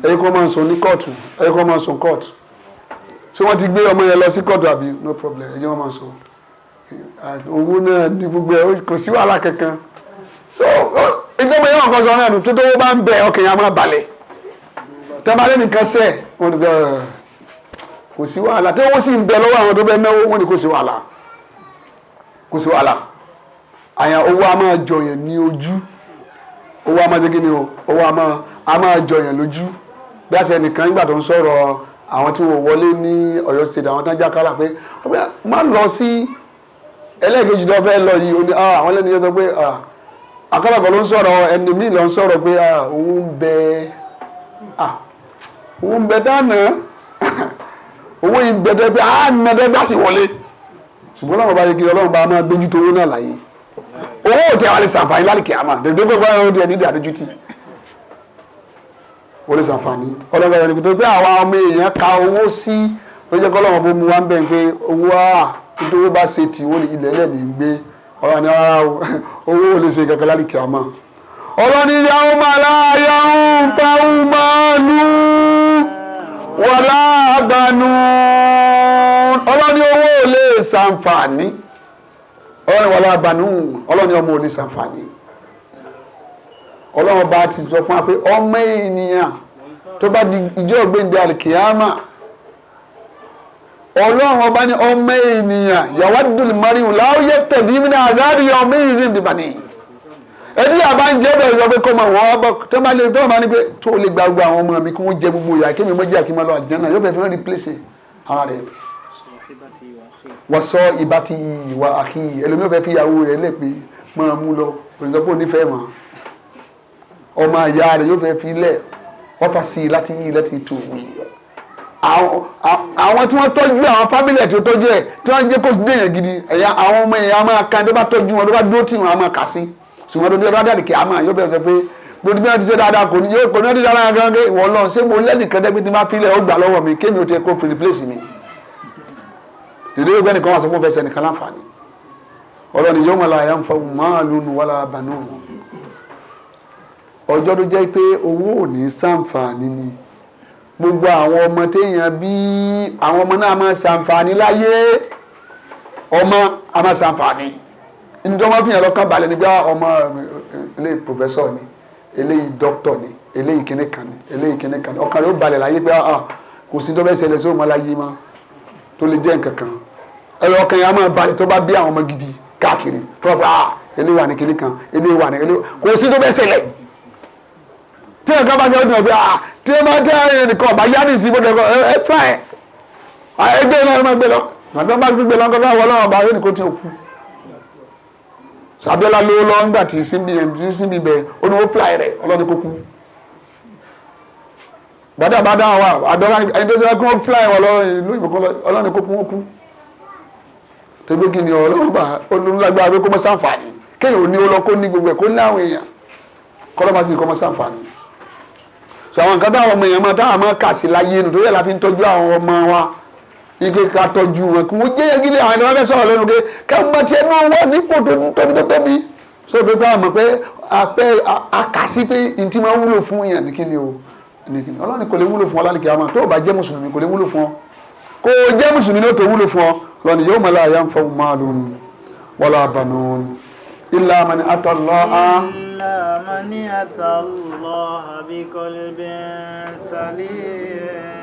ẹ̀yin kan máa ń sùn ní kóòtù ẹ̀yin kan máa ń sùn kóòtù ṣé wọ́n ti gbé ọmọ yẹn lọ sí kóòtù àbí no problem ẹ̀yin kan máa sùn owó náà ní gbogbo ẹ̀ kò sí wàhálà kankan so ìjọba yẹn ọkọ sọ náà nù tó tó bá ń bẹ ọkàn yẹn á máa balẹ̀ tẹ́balẹ̀ nìkan sẹ̀ wọ́n ti gbọ́ kò sí wàhálà tí wọ́n sì ń bẹ lọ́wọ́ àwọn tó bẹ náwó wọ́n ní kò sí wàhálà kò sí wàhálà àyàn owó a máa jọyàn ní ojú owó a máa jẹ́ kí o owó a máa a máa jọyàn lójú bí a ṣe nìkan nígbà tó ń sọ̀rọ̀ àwọn tí wọ́n wọlé ní Ọ̀yọ́ state àwọn tó ń jákàlà pé má lọ sí ẹlẹ́ẹ̀kejì tó fẹ́ lọ yìí ó ní ah, àwọn ẹlẹ́ni yẹn sọ pé àkàlàkọ̀ ah, ló ń sọ̀rọ̀ ẹni míì ló ń sọ̀rọ̀ pé ah, òun bẹ òun bẹ dáná owó yìí bẹ dẹ́gbẹ́ á nà dẹ́gbẹ́ sì wọlé ṣùgbọ́n láwọn bá yẹ kí ọlọ́run bá máa gbójú tó owó náà láàyè owó òtí wa lè ṣàǹfààní lálùkì àmà dèdè gbogbo àwọn ọdún ẹni dàdójú tì wọ́n ọlọ́run ẹni kò tó pé àwọn nítorí bá ṣe tì wọ́n ilẹ̀ náà ní gbé ọ̀rọ̀ ni ara owó ò lè ṣe kankan láti kí a mọ̀. ọlọ́ni yàwó màlá yàwó fáwọn màálù wọlá àgbànú ọlọ́ni owó ò lè ṣàǹfààní ọlọ́ni wọlá àgbànú ọlọ́ni ọmọ ò lè ṣàǹfààní ọlọ́run bá ti sọ fún wa pé ọmọ ènìyàn tó bá di ìjọ́ ògbéǹde àlìkìyàmà ọlọ́run ọba ní ọmọ ènìyàn yàwá dùn mọ́rin láwùjẹ tẹ̀dí mi náà àgáàrí ọmọ ìrìn bìbà ni. ẹbí àbá ń jẹ́ bẹ̀rẹ̀ lọ pé kọ́ máa wọ́n bọ̀ tó máa lè tó máa ní pé tó lè gba gbogbo àwọn ọmọ mi kí wọ́n jẹ gbogbo ìyá kí mi mọ́ jẹ́ kí n máa lọ àjẹ́ náà yóò bẹ̀rẹ̀ fún replace ara rẹ̀. wọ́sọ ìbá ti ìwà àkì ẹlòmíràn fẹ́ fi ìyàwó rẹ̀ lẹ̀ pé mọ́ ọmọ àwọn tí wọ́n tọ́jú àwọn fámìlì ẹ̀ tí ó tọ́jú ẹ̀ tí wọ́n jẹ́ kó ti dèèyàn gidi ẹ̀yà àwọn ọmọ ẹ̀yà máa kan tó bá tọ́jú wọn tó bá dúró tì wọn a máa kà sí ṣùgbọ́n tó dé ọ̀dọ́ àdìkì a máa yóò bẹ̀rẹ̀ sọ pé gbogbo bí wọ́n ti ṣe dáadáa kò ní yóò kò ní wọ́n ti ṣe dáadáa gan-an ìwọ Ọlọ́run ṣé mo lẹ́nìkan dẹ́gbẹ́ tí máa filẹ̀ ó gbà lọ́wọ́ mi kémi ò ti kó fìlì pílẹ̀sì mi ìdílé ìgbẹ́ nìkan wà sọ fún fẹsẹ̀ nìkan láǹfààní Ọlọ́run yóò mọ̀ láyà ń fa màálùn wàlà bànú ọjọ́ tó jẹ́ pé owó ò ní sàǹfààní ni gbogbo àwọn ọmọ téèyàn bí àwọn ọmọ náà máa ṣàǹfààní láyé ọmọ a máa ṣàǹfààní ndọ́mọ́ fi hàn lọ́kàn balẹ̀ nígbà ah, ọmọ eléyìí pòfẹ́sọ̀ ni eléyìí dókítọ̀ ni eléyìí kíní kan ni eléyìí kíní kan ni ọkàn rẹ̀ ó balẹ̀ láyé pé ah, ah, kò sí dọ́bẹ̀ ṣẹlẹ̀ sí òun láyé mọ́ tó lè jẹ́ nǹkan kan ẹ̀rọ ọkàn yẹn á máa balẹ̀ tó bá bí àwọn ọmọ gidi káàkiri tó bá eléyìí wà ní kíní kan eléyìí wà ní eléyìí kò sí dọ́bẹ̀ ṣẹlẹ̀ tí ẹ̀ka bá ṣe ọdún ọ̀gbìn ah tí ẹ bá tẹ ẹ̀yẹ nìkan ọ̀bá yá nìsí bó dẹ̀kọ ẹ ẹ try ẹ ẹgbẹ́ náà ẹ máa gbé lọ màtí wọn bá gbé lọ nǹkan káwọn ọlọ́run ọba yóò kó tí o kú. Abiola ló lọ ńgbà tí síbi tí síbi bẹ ó ní ó ply rẹ ọlọ́run kó kú. Gbàdá bá dáhùn wa àdọ́rà ẹni tó ṣe kí wọ́n ply wọn lọ́rùn ìlú ìbùkún kú wọ́n kú. Tẹ́gbẹ́ ni ọlọ́run bá olùlágbára pé kó mọ́ sáǹfààní kéèyàn sọ àwọn nǹkan táwọn ọmọ èèyàn máa táwọn máa kà sí láyé nù torí ẹ̀ la fi ń tọ́jú àwọn ọmọ wa ike ká tọ́jú wọn kí wọ́n jẹ́ yẹgídé àwọn ènìyàn fẹ́ sọ̀rọ̀ lẹ́nu pé ká mọ tiẹ̀ náà wà nípò tó tóbi tó tóbi so pé báwọn mọ̀ pé apẹ́ akásí pé ntí máa wúlò fún yàn ní o ní kíni ọlọ́ni kò lè wúlò fún ọlọ́ni kìí tó o bá jẹ́ mùsùlùmí kò lè wúlò fún ọ kò jẹ́ mùsùlùmí ló tó wúlò fún ọ lọ́ni yóò mọ̀ láyà ń fọ́ mọ́ àlùn wọ́lá àbànú ilá àmàni àtọ̀lọ́ á. إلا من أتى الله بقلب سليم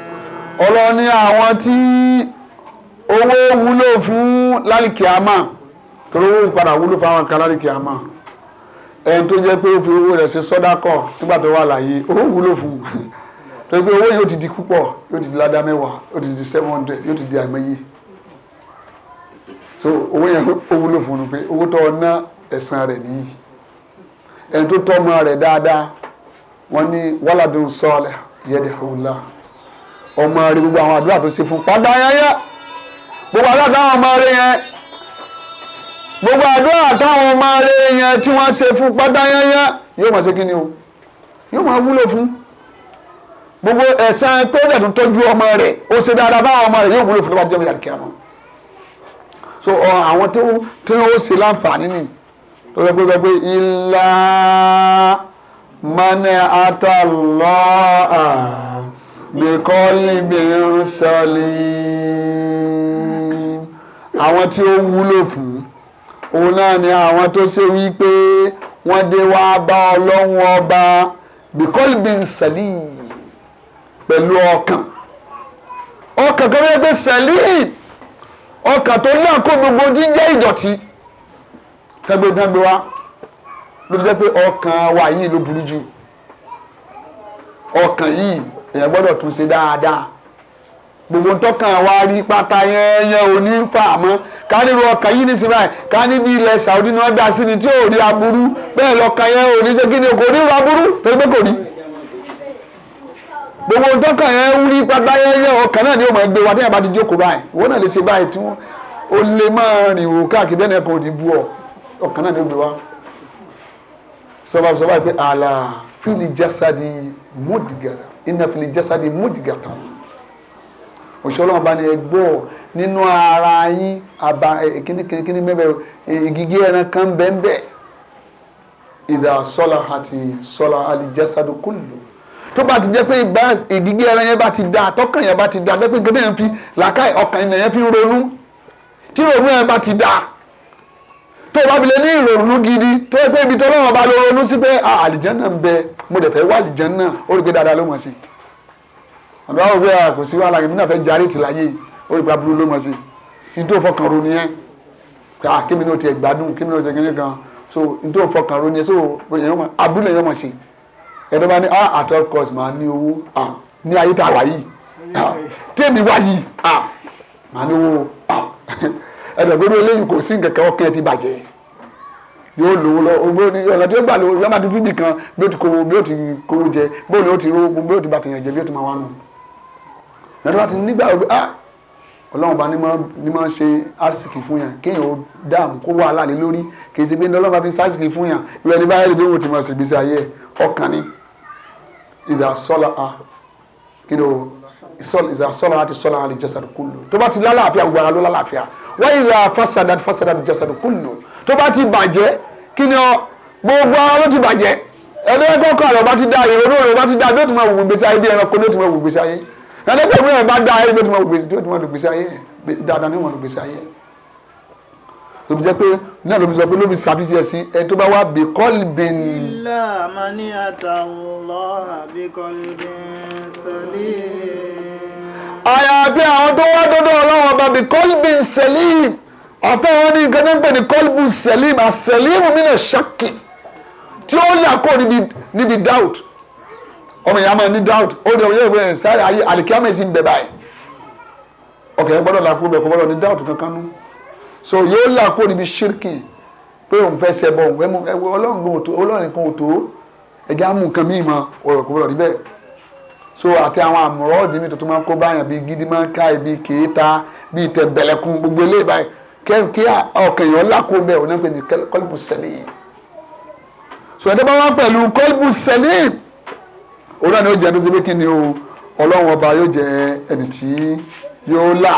ọlọ́ni àwọn tí owó wúlò fún lálìkíámà torí owó padà wúlò fún àwọn kan lálìkíámà ẹni tó jẹ́ pé ó fi owó rẹ̀ ṣe sọ́dákọ̀ nígbà tó wà láàyè owó wúlò fún un torí pé owó yóò ti di púpọ̀ yóò ti di ládá mẹ́wàá yóò ti di seven hundred yóò ti di àìmọye so owó yẹn ó wúlò fún un pé owó tó ọ ná ẹ̀san rẹ̀ nìyí ẹni tó tọ́ ọmọ rẹ̀ dáadáa wọ́n ní wàládùn sọ́ọ̀lẹ̀ yẹ́dẹ̀ ọ̀la ọmọ rẹ̀ gbogbo àwọn àdúrà tó ṣe fún padà yáyá gbogbo àdúrà táwọn ọmọ rẹ̀ yẹn gbogbo àdúrà táwọn ọmọ rẹ̀ yẹn tí wọ́n ṣe fún padà yáyá yóò máa ṣe kí ni o yóò máa wúlò fún gbogbo ẹ̀sán pé ó dẹ̀tún tọ́jú ọmọ rẹ̀ ó ṣe dáadáa báwọn ọmọ rẹ̀ yóò wúlò fún lọ́wọ́ jẹ́mi àdìkẹ́ àmọ́ so àwọn tó ń ṣe láǹfààní tó sọ pé sọ pé ilá mọ́nẹ́ àtàlọ́ àbíkọ́lì bẹ́ẹ̀ ń sọlẹ̀ àwọn tí ó wúlò fún òun náà ni àwọn tó ṣe wípé wọ́n dé wá bá ọlọ́run ọba bíkọ́lì bẹ́ẹ̀ ń sọlẹ̀ pẹ̀lú ọkàn ọkàn kan wọ́n gbé ọkàn tó náà kó gbogbo jíjẹ́ ìdọ̀tí tẹ́gbẹ́ dángbé wa ló fi jẹ́ pé ọkàn wa yìí ló burú jù ọkàn yìí èèyàn gbọ́dọ̀ tún ṣe dáadáa gbogbo ntọ́kàn wa rí pátá yẹn yẹn ò ní fà mọ́ ká nínú ọkàn yìí ní sinmi ká níbi ilẹ̀ Saudi ni wọ́n dá sí ni tí ò rí aburú bẹ́ẹ̀ lọ́kàn yẹn ò ní ṣe kí ni kò ní ra aburú torí pé kò rí gbogbo ntọ́kàn yẹn rí pátá yẹn yẹn ọkàn náà ni ó máa gbé wa téèyàn bá ti jókòó báyìí wọ́n náà lè ṣe báyìí tí wọ́n ó lè máa rìn wò káàkiri ò ní bú ọ ọ̀kan náà ni ó gbé wá sọba sọba pé àlà fìlì jásádì mùdìgàrà iná fìlì jásádì mùdìgàtà òṣèlú ọba ni ẹ gbọ́ nínú ara yín àbá kíníkíní mẹ́bẹ̀ ìgigi ẹran kan bẹ́ẹ̀ ìdá sọ́la àti sọ́la alìjásádì kúlù tó bá ti jẹ́ pé ìgbà ìgígé ẹran yẹn bá ti da àtọ́kàn yẹn bá ti da bẹ́ẹ̀ pé gẹ́gẹ́ yẹn fi làákàyè ọkàn yẹn fi ronú tí ronú yẹn bá ti da tó o bá fi lè ní ìrònú gidi tó o pé ibi tó lọ́wọ́ bá lọ ronú sí pé ah, àlìjánná ń bẹ mo dẹ̀ fẹ́ wá àlìjánná ó rí pé dáadáa ló mọ̀ sí ọ̀dọ́ àwọn òwe kò sí wàhálà èmi fẹ́ jarí ti láyé ó rí pé aburú ló mọ̀ sí kí fọkàn ro nìyẹn ah, kí mi náà tiẹ̀ gbádùn kí mi náà ṣe kíní kan so n tó fọkàn ro nìyẹn so aburú lè yọ mọ̀ sí ẹ̀dọ́ bá ní ah, at all cost máa ní owó ní ayé tá ẹ̀bẹ̀ gbogbo eléyìí kò sí nǹkan kan ọkẹ́ ti bàjẹ́ yóò lówó lọ ogbó ni ọ̀nà tí ó gbà lówó yọba ti fi nìkan bí ó ti kówó bí ó ti kówó jẹ bó ni ó ti rówó bí ó ti bàtẹ̀yàn jẹ bí ó ti máa wá nù. lọ́dọ̀ bá ti nígbà wọ́n ah ọlọ́run bá ní máa ń ṣe arsìkì fún yàn kéèyàn ó dáàmú kó wà láàlẹ́ lórí kì í ṣe pé ní ọlọ́run bá fi sáàsìkì fún yàn ìwé ẹni báyìí ló ti máa ṣègbésí ayé ọkàn ni ìdá ah kí ni o ìzà sọ̀rọ̀ àti sọ̀rọ̀ àti jasad kullu tó bá ti lálàáfíà gbogbo ara ló lálàáfíà wa ìzà fasadat fasadat jasad kullu tó bá ti bàjẹ́ kí ni gbogbo ara ló ti bàjẹ́ ẹni ẹgbẹ́ ọkọ rẹ̀ bá ti da ìrònú rẹ̀ bá ti da bí ó ti máa wù gbèsè ayé bí ẹranko ló ti máa wù gbèsè ayé ẹni ẹgbẹ́ ìwé rẹ̀ bá da ayé bí ó ti máa wù gbèsè ayé dáadáa ni wọ́n lù gbèsè ayé lóbi jẹ pé náà lóbi sọ pé lóbi sàbí sí ẹsìn ẹni tó bá wá bí kọ́lìbìn. ilá àmà ní àtàwọn lọ́ọ́ àbí kọ́lìbìn sọ́lé àyàfi àwọn tó wá dọ́dọ̀ ọlọ́run ọba bíi kolbin selim ọ̀pẹ́ wọn ní nǹkan tó ń pè ní kolbin selim àselim mina ṣákì tí ó yà kó níbi doubt ọmọ ìyá máa ní doubt ó dẹ̀ wọ́n yẹ ìwé ẹ̀ sáré ayé àlìkíyàmọ̀ èsì ń bẹ̀ báyìí ọkẹ́ gbọ́dọ̀ làkú bẹ̀ kó gbọ́dọ̀ ní doubt kankan nú so yóò là kó níbi ṣírkì pé òun fẹ́ ṣẹbọ òun fẹ́ mú ọlọ́run kan ò tó ẹja mú nǹkan míì mọ ọ̀rọ̀ kó gbọ́dọ̀ níbẹ̀ so àti àwọn àmúrọ̀ ọ̀dì mi tuntun máa ń kó báyàn bíi gídímọ́ká bíi kèéta bíi tẹ̀bẹ̀lẹ̀kùn gbogbo eléyìí báyìí kí ọkàn èèyàn lákòó bẹ́ẹ̀ ò ní pè ní kọ́lùbù sẹ́lẹ̀ so ẹ̀dá bá wá pẹ̀lú kọ́lùbù sẹ́lẹ̀ òun náà ni ó jẹ́ ẹni tó ni o ọlọ́run ọba yóò jẹ́ ẹni tí yóò là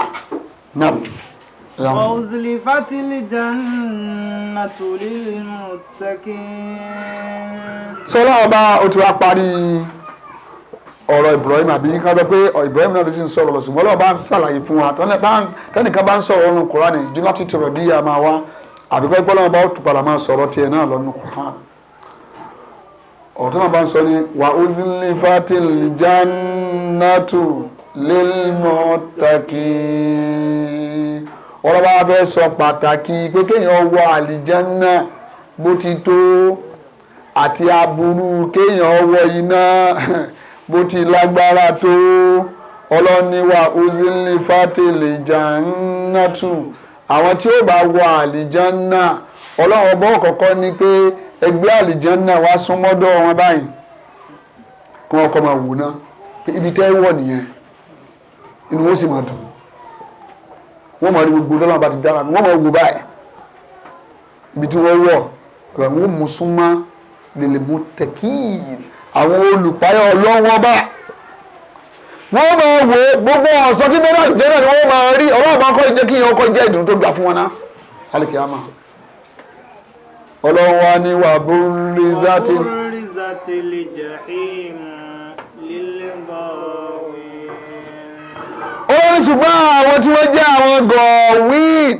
náà. وأزلفت الجنة للمتقين. sọlá ọba ó ti wá parí ọ̀rọ̀ Ibrahim àbí ká sọ pé Ibrahim náà ló sì ń sọ̀rọ̀ lọ ṣùgbọ́n Ọlọ́run bá ń ṣàlàyé fún wa tẹ́nìkan bá ń sọ̀rọ̀ ọ̀run Kùránì dínà títí rọ̀ díyà máa wá àbíkọ́ ìgbọ́ Ọlọ́run bá ó tùpàdà máa sọ̀rọ̀ tiẹ̀ náà lọ́nu Kùránì ọ̀rọ̀ náà bá ń sọ ni wà ó sì lè fati lè jannatu lilmọ́tàkì ọ̀rọ̀ bá fẹ́ sọ pàtàkì pé kéèyàn wọ àlìjánná bó bó ti lágbára tó ọlọ́niwa uzili fatili jannatu àwọn tí ó bá wọ àlìjánná ọlọ́run ọbọ̀ kọ̀ọ̀kan ni pé ẹgbẹ́ àlìjánná wá súnmọ́dọ̀ wọn báyìí kí wọ́n kọ́ máa wò ná ibi tẹ́ wọ̀ nìyẹn inú wọn sì máa dùn wọ́n máa rí gbogbo lọ́nà bá ti dára wọ́n máa wò báyìí ibi tí wọ́n wọ̀ ọ̀rọ̀ wọn mú súnmọ́ lèlè tẹ̀kíìlì àwọn olùpáyọ̀ ọlọ́run ọba wọ́n máa wo gbogbo ọ̀sán tí bọ́lá ìjẹ́ náà ni wọ́n máa rí ọlọ́run bá kọ́ ìjẹ́ kí ìyẹn ọkọ̀ jẹ́ ìdùnnú tó gbà fún wọn náà kálíkì àmà ọlọ́run wa ni wà búrí zati. ó ní ṣùgbọ́n àwọn tí wọ́n jẹ́ àwọn gọ̀ọ̀wìn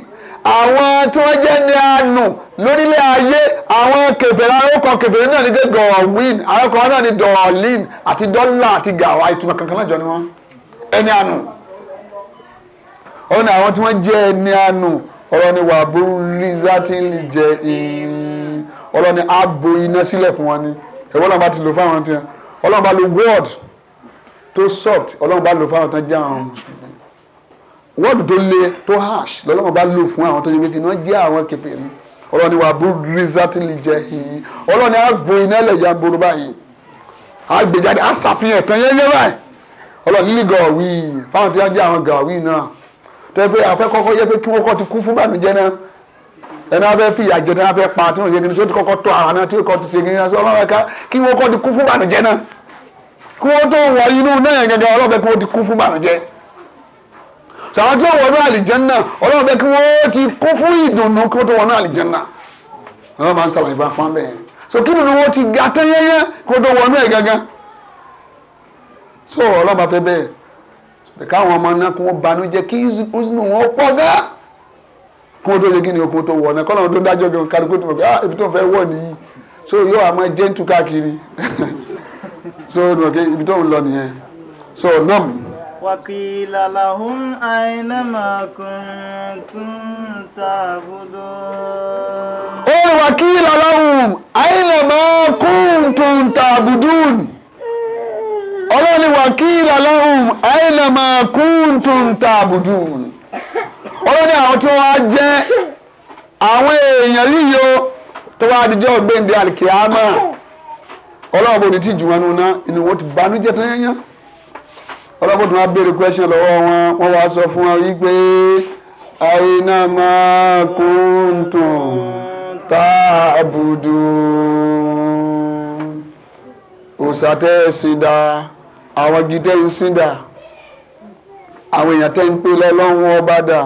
àwọn tí wọ́n jẹ́ ní àánú lórílẹ̀ ayé àwọn kèfèrè arókọ kèfèrè náà ní pé dọ̀ọ̀wìn arókọ náà ní dọ̀ọ̀lìn àti dọ́là àti gàwá ìtumọ̀ kankan náà jọ ni wọ́n ẹni àánú. ó ní àwọn tí wọ́n jẹ́ ní àánú ọ̀rọ̀ ni wà burú ríza tí ń lè jẹ ìhìn ọ̀rọ̀ ni abo iná sílẹ̀ fún wọn ni ẹ̀wọ́n náà bá ti lò fáwọn tiẹ̀ ọlọ́run bá lo word tó soft ọlọ́run bá lò fáwọn tán wọ́ọ̀dù tó le tó harsh lọ́lọ́mọ bá lò fún àwọn tó ṣe kí wọ́n jẹ́ àwọn kèfèrí ọlọ́ni wà bú jẹ yìí iná báyìí yẹn yẹn báyìí ní gàwí fáwọn jẹ́ àwọn gàwí náà pé yẹ pé kí wọ́n kọ́ ti kú fún náà ẹni fi ìyà jẹ ní pa tí ṣe kí ni tí ti kọ́kọ́ náà tí kọ́ ti ṣe kí ni kí kọ́ ti kú fún náà sàwọn tó wọnú àlìjánná ọlọ́run bẹ́ẹ̀ kí wọ́n ti kún fún ìdùnnú kí wọ́n tó wọnú àlìjánná ọlọ́run máa ń sàwọn ìbá fún abẹ́ yẹn so kí nínú wọn ti ga tẹ́yẹ́yẹ́ kí wọ́n tó wọnú ẹ̀ gangan so ọlọ́run bá fẹ́ bẹ́ẹ̀ bẹ̀ka àwọn ọmọ náà kí wọ́n banújẹ́ kí ìsúnú wọn pọ̀ gá kí wọ́n tó ṣe kí ni okun tó wọ̀ náà kọ́lọ́run tó dájọ́ gan kálukú tó fẹ́ ah ibi tó fẹ́ wọ̀ so yóò àmọ́ jẹ́ ń tú káàkiri so ibi tó ń lọ nìyẹn so nọ́ọ̀mù. وقيل لهم أين ما كنتم تعبدون وقيل لهم أين ما كنتم تعبدون ọlọ́ni wàkìlá lọ́hùn àìlàmà kúntùn tààbùdùn ọlọ́ni àwọn tí wọ́n á jẹ́ àwọn èèyàn yíyo tó wá dijọ́ gbẹ̀ǹdẹ̀ àlìkìyàmà ọlọ́run bò ní tí ọlọ́pàá tó máa béèrè question lọ́wọ́ wọn wọ́n wá sọ fún wọn wípé àyínà máa kún tún tá a bùdù òsàtẹ́ ẹ̀sìndà àwọn gidẹ́ ìsìndà àwọn èèyàn tẹ́ ń pè lọ́lọ́run ọba dà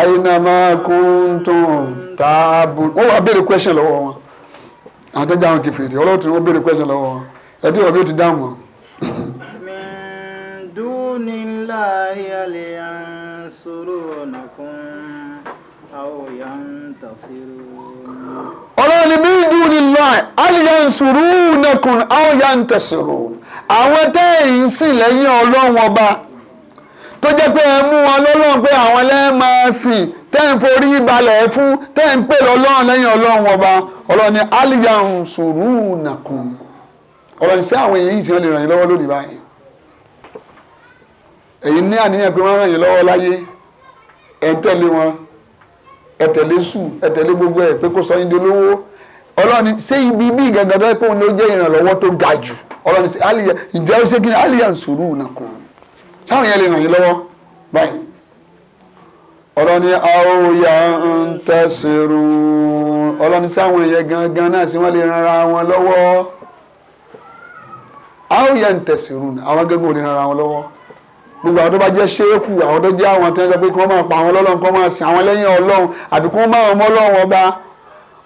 àyínà máa kún tún tá a bùdù wọ́n wá béèrè question lọ́wọ́ wọn àwọn tẹ́jà wọn kìfìrì ọlọ́tún wọ́n béèrè question lọ́wọ́ wọn ẹ̀dí ọ̀bí ó ti dáhùn wọn. دون الله لينصرونكم أو ينتصرون ọlọ́run ní min dunillahi hal yansurunakum aw yantasirun àwọn tẹ́ ẹ̀ ń sìn lẹ́yìn ọlọ́run ọba tó jẹ́ pé ẹ mú wọn lọ́lọ́run pé àwọn lẹ́ẹ̀ máa sìn tẹ́ ń forí balẹ̀ fún tẹ́ ń pè lọ́lọ́run lẹ́yìn ọlọ́run ọba ọlọ́run ní hal yansurunakum ọ̀rọ̀ ìṣe àwọn èyí ìṣẹ́ lè ràn lónìí báyìí èyí ní àníyàn pé wọ́n ràn yín lọ́wọ́ láyé ẹ̀ ń tẹ̀lé wọn ẹ̀ tẹ̀lé sù ẹ̀ tẹ̀lé gbogbo ẹ̀ pé kó sọ yín di lówó ọlọ́ni ṣé ibi bí gàgàdá pé òun ló jẹ́ ìrànlọ́wọ́ tó ga jù ọlọ́ni ṣe àlìyà ìjẹ́ ṣe kí ni àlìyà ń sùúrù nàkùn sáwọn yẹn lè ràn yín lọ́wọ́ báyìí ọlọ́ni àwòyà ń tẹ̀sírù ọlọ́ni sáwọn yẹn gangan náà sí wọ́n lè ran ara wọn lọ́wọ́ àwòyà ń tẹ̀sírù àwọn gẹ́gẹ́ ò lè ran ara wọn lọ́wọ́ gbogbo àwọn tó bá jẹ́ ṣéèkù àwọn tó jẹ́ àwọn tó ń sọ pé kí wọ́n máa pa àwọn ọlọ́run kí wọ́n máa sin àwọn lẹ́yìn ọlọ́run àbí kí wọ́n máa mọ́ ọlọ́run ọba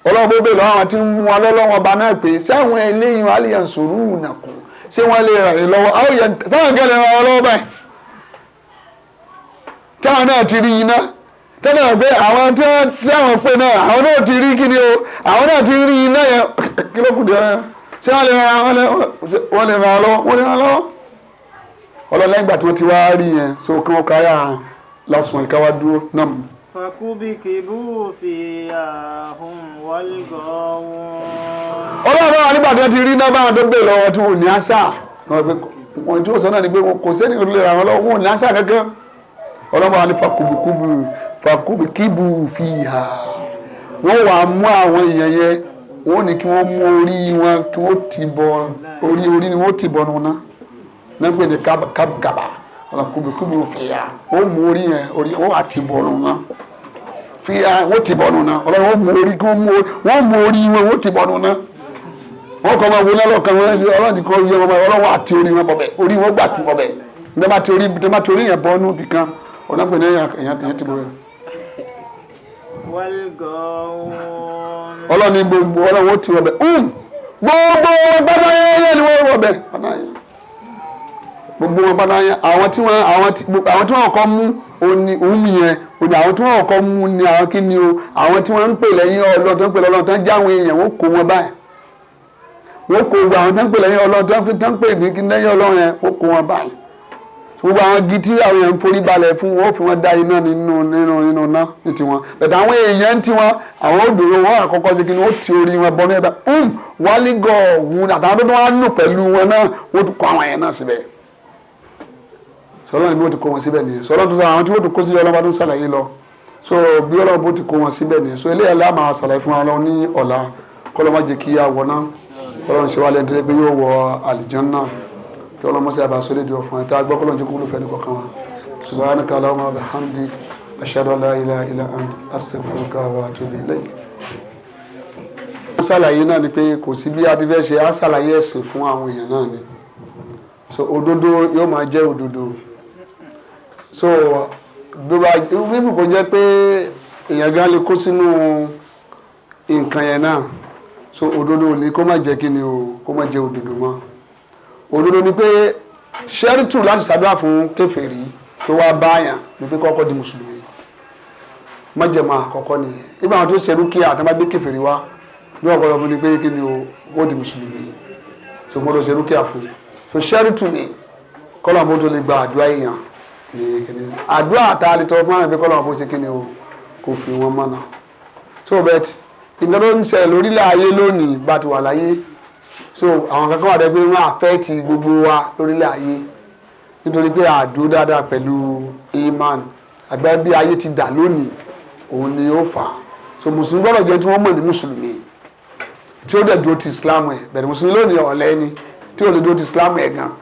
ọlọ́run bó bèèrè lọ́wọ́ àwọn tí ń mú wọn lọ́lọ́run ọba náà pé sẹ́wọ̀n eléyìí wọn á lè yàn sòrú nàkú ṣé wọ́n lè ràn yín lọ́wọ́ àwọn yẹn táwọn kẹlẹ̀ ràn wọn lọ́wọ́ báyìí táwọn náà ti rí iná tẹ́lẹ̀ pé àwọn tí wọ́n pè náà àwọn náà ti rí kíni o àwọn náà ti rí iná yẹn kílókùdì ọ̀rẹ́ ṣé wọ́n lè ràn wọn ọlọ́lá ìgbà tí wọ́n ti wá rí yẹn so kí wọ́n káyà lásùn ìka wá dúró náà. fàkúbìkìbù fi àhùn wọlgọ wọn. ọlọ́run báwa nígbà tí wọ́n ti rí náà báwọn tó gbé lọ́wọ́ tí wọ́n ní àṣà wọ́n tí wọ́n sọ náà ni pé kò sẹ́ni ìlú lè ra wọn lọ́wọ́ wọn ò ní àṣà kankan ọlọ́run báwa ní fàkúbìkìbù fàkúbìkìbù fi hà wọ́n wà á mú àwọn èèyàn yẹn wọ́n ní kí wọ́n mú orí wọn kí wọ́n ti bọ̀ orí orí ni wọ́n ti bọ̀ nù náà náà pè ní kábgàbà ọ̀nà kùbìkùbì fìyà ó mú orí yẹn orí ó àti bọ̀ọ̀nù náà fìyà ó ti bọ̀ọ̀nù náà ọlọ́run ó mú orí kí wọ́n mú orí wọn ó ti bọ̀ọ̀nù náà wọ́n kọ́ máa wo náà lọ́kàn wọn ọlọ́run ti kọ́ yẹ wọn ọlọ́run àti orí wọn bọ̀bẹ̀ orí wọn gbà ti bọ̀bẹ̀ nígbà tí orí nígbà tí orí yẹn bọ́ọ̀nù bìkan ọ̀nà pè ní èèyàn ti bọ̀bẹ̀ ọlọ́run ni gbogbo ọlọ́run ó ti wọ̀bẹ̀ gbogbo ọgbẹ́ báyẹn ni wọ́n wọ̀bẹ̀ gbogbo wọn padà yẹn àwọn tí wọn àwọn tí àwọn tí wọn kọ mú òní òun yẹn òní àwọn tí wọn kọ mú ni àwọn kí ni o àwọn tí wọn ń pè lẹ́yìn Ọlọ́run tó ń pè lọ́lọ́run tó ń já àwọn èèyàn wọn kó wọn báyìí wọn kó gbogbo àwọn tó ń pè lẹ́yìn Ọlọ́run tó ń fi tó ń pè ní kí lẹ́yìn Ọlọ́run yẹn wọn kó wọn báyìí gbogbo àwọn igi tí àwọn èèyàn ń forí balẹ̀ fún wọn ó fi wọn dá iná nínú nínú nínú ná ní tiwọn bẹ̀tẹ̀ àwọn èèyàn tí wọn àwọn òdòdó wọn àkọ́kọ́ sí kíni ó ti orí wọn bọ́ ní ẹ̀dá um, wálé gọ̀ọ̀wù àtàwọn tó wá nù pẹ̀lú wọn náà wọ́n tún kọ́ àwọn yẹn náà síbẹ̀ sọlọ́ ni bí wọ́n ti kó wọn síbẹ̀ nìyẹn sọlọ́ tó sọ àwọn tí wọ́n ti kó sí ọlọ́ba tó ṣàlàyé lọ so bí ọlọ́run bó ti kó wọn síbẹ̀ nìyẹn so eléyà lá máa ṣàlàyé fún ọlọ́run ní ọ̀la kọ́lọ́ má jẹ́ kí a wọ̀ náà ọlọ́run ṣe wá lẹ́nu tó yẹ pé yóò wọ àlìjánná kí ọlọ́run mọ́sẹ̀ àbá sólè jọ fún ẹ tá a gbọ́ kọ́lọ́run jẹ́ kó lófẹ́ nìkan kan wa subhanaka allahumma wa bihamdik ashhadu an la ilaha illa anta astaghfiruka wa atubu ilayk ṣàlàyé náà ni pé kò sí bí adivẹ́ ṣe á ṣàlàyé ẹ̀sìn fún àwọn èèyàn náà ni so òdodo yóò máa jẹ́ òdodo so gbogbo bíbù kò jẹ́ pé èèyàn gan lè kó sínú nǹkan yẹn náà so òdodo ò ní kó má jẹ́ kí ni o kó má jẹ́ òdodo mọ́ òdodo ni pé ṣẹ́rìtù láti ṣàdúrà fún kèfèrí tó wá báyàn ni pé kọ́kọ́ di mùsùlùmí májẹ̀mọ́ àkọ́kọ́ nìyẹn nígbà wọn tó ṣe rúkìá àtàwọn gbé kèfèrí wá ní ọ̀pọ̀lọpọ̀ fún ni pé kí ni o ó di mùsùlùmí so mo lọ ṣe rúkìá fún so ṣẹ́rìtù ni kọ́lá mo tó lè gba àdúrà èèyàn pé kíni àdúrà tá a lè tọrọ fún àwọn ìbíkọ́ bó ṣe kíni o kò fi wọn mọ́nà so bet nǹkan tó ń ṣẹlẹ̀ lórílẹ̀ ayé lónìí bá ti wà láyé so àwọn kankan wà dẹ́ pé wọ́n àfẹ́ẹ̀tì gbogbo wa lórílẹ̀ ayé nítorí pé àdó dáadáa pẹ̀lú iman àgbà bí ayé ti dà lónìí òun ni ó fà á so mùsùlùmí gbọ́dọ̀ jẹ́ tí wọ́n mọ̀ ní mùsùlùmí tí ó dẹ̀ dúró ti islam ẹ̀ bẹ̀rẹ̀ mùsùlùmí lónìí ọ̀lẹ́ tí ó lè dúró ti islam ẹ̀ gan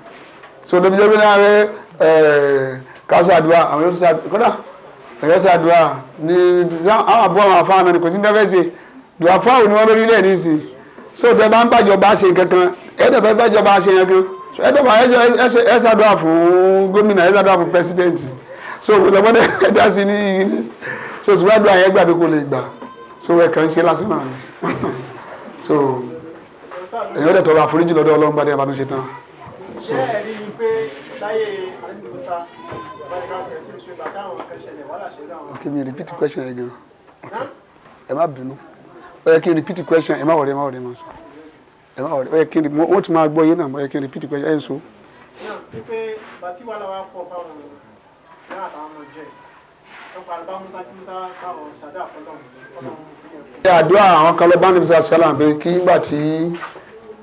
so lóbi jẹ́ pé náà rẹ̀ ẹ̀ẹ́ kásádùá àwọn yóò sádùá kódà ẹ̀yọ́ sádùá ní àwọn àbúrò àwọn afáwọn náà ni kò sí ní tẹ́fẹ́ ṣe dùá fáwọn ni wọ́n lórí ilẹ̀ ní ìsìn so tẹ́ bá ń bàjọba ṣe kankan ẹ̀dọ̀ fẹ́ bàjọba ṣe yẹn kan so ẹ̀dọ̀ bá ẹ̀ sádùá fún gómìnà ẹ̀ sádùá fún pẹ́sidẹ́ǹtì so òṣèlú ẹ̀dá sí ní so ṣùgbọ́n àyẹ̀ gbàgbé kò lè gbà so ẹ̀ kàn ń ṣe lásán náà so èyàn dẹ̀ tọrọ àforíjì lọ́dọ̀ ọlọ́run bá dé abánú ṣe tán. ǹjẹ́ ẹ̀rí pé láyé àdúgbò sá okay me repeat the question again Okay, má bínú ó yẹ kí n repeat question ẹ má wọlé ẹ má wọlé ma sọ ẹ má wọlé ó yẹ kí n wọ́n ti máa gbọ́ yé náà ó question ẹ n so. náà pípé bàtí wàhálà wa pọ̀ báwọn náà àtàwọn ọmọ jẹ́ ọ̀pọ̀ àlùbámusa kí musa báwọn àwọn kan níbi sá sálà pé kí nígbà tí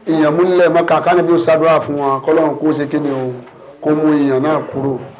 ìyàn múlẹ̀ mọ́ka ká ó ṣàdúrà fún wọn kọ́lọ́run kó ṣe kí ni o kó mú ìyàn náà kúrò.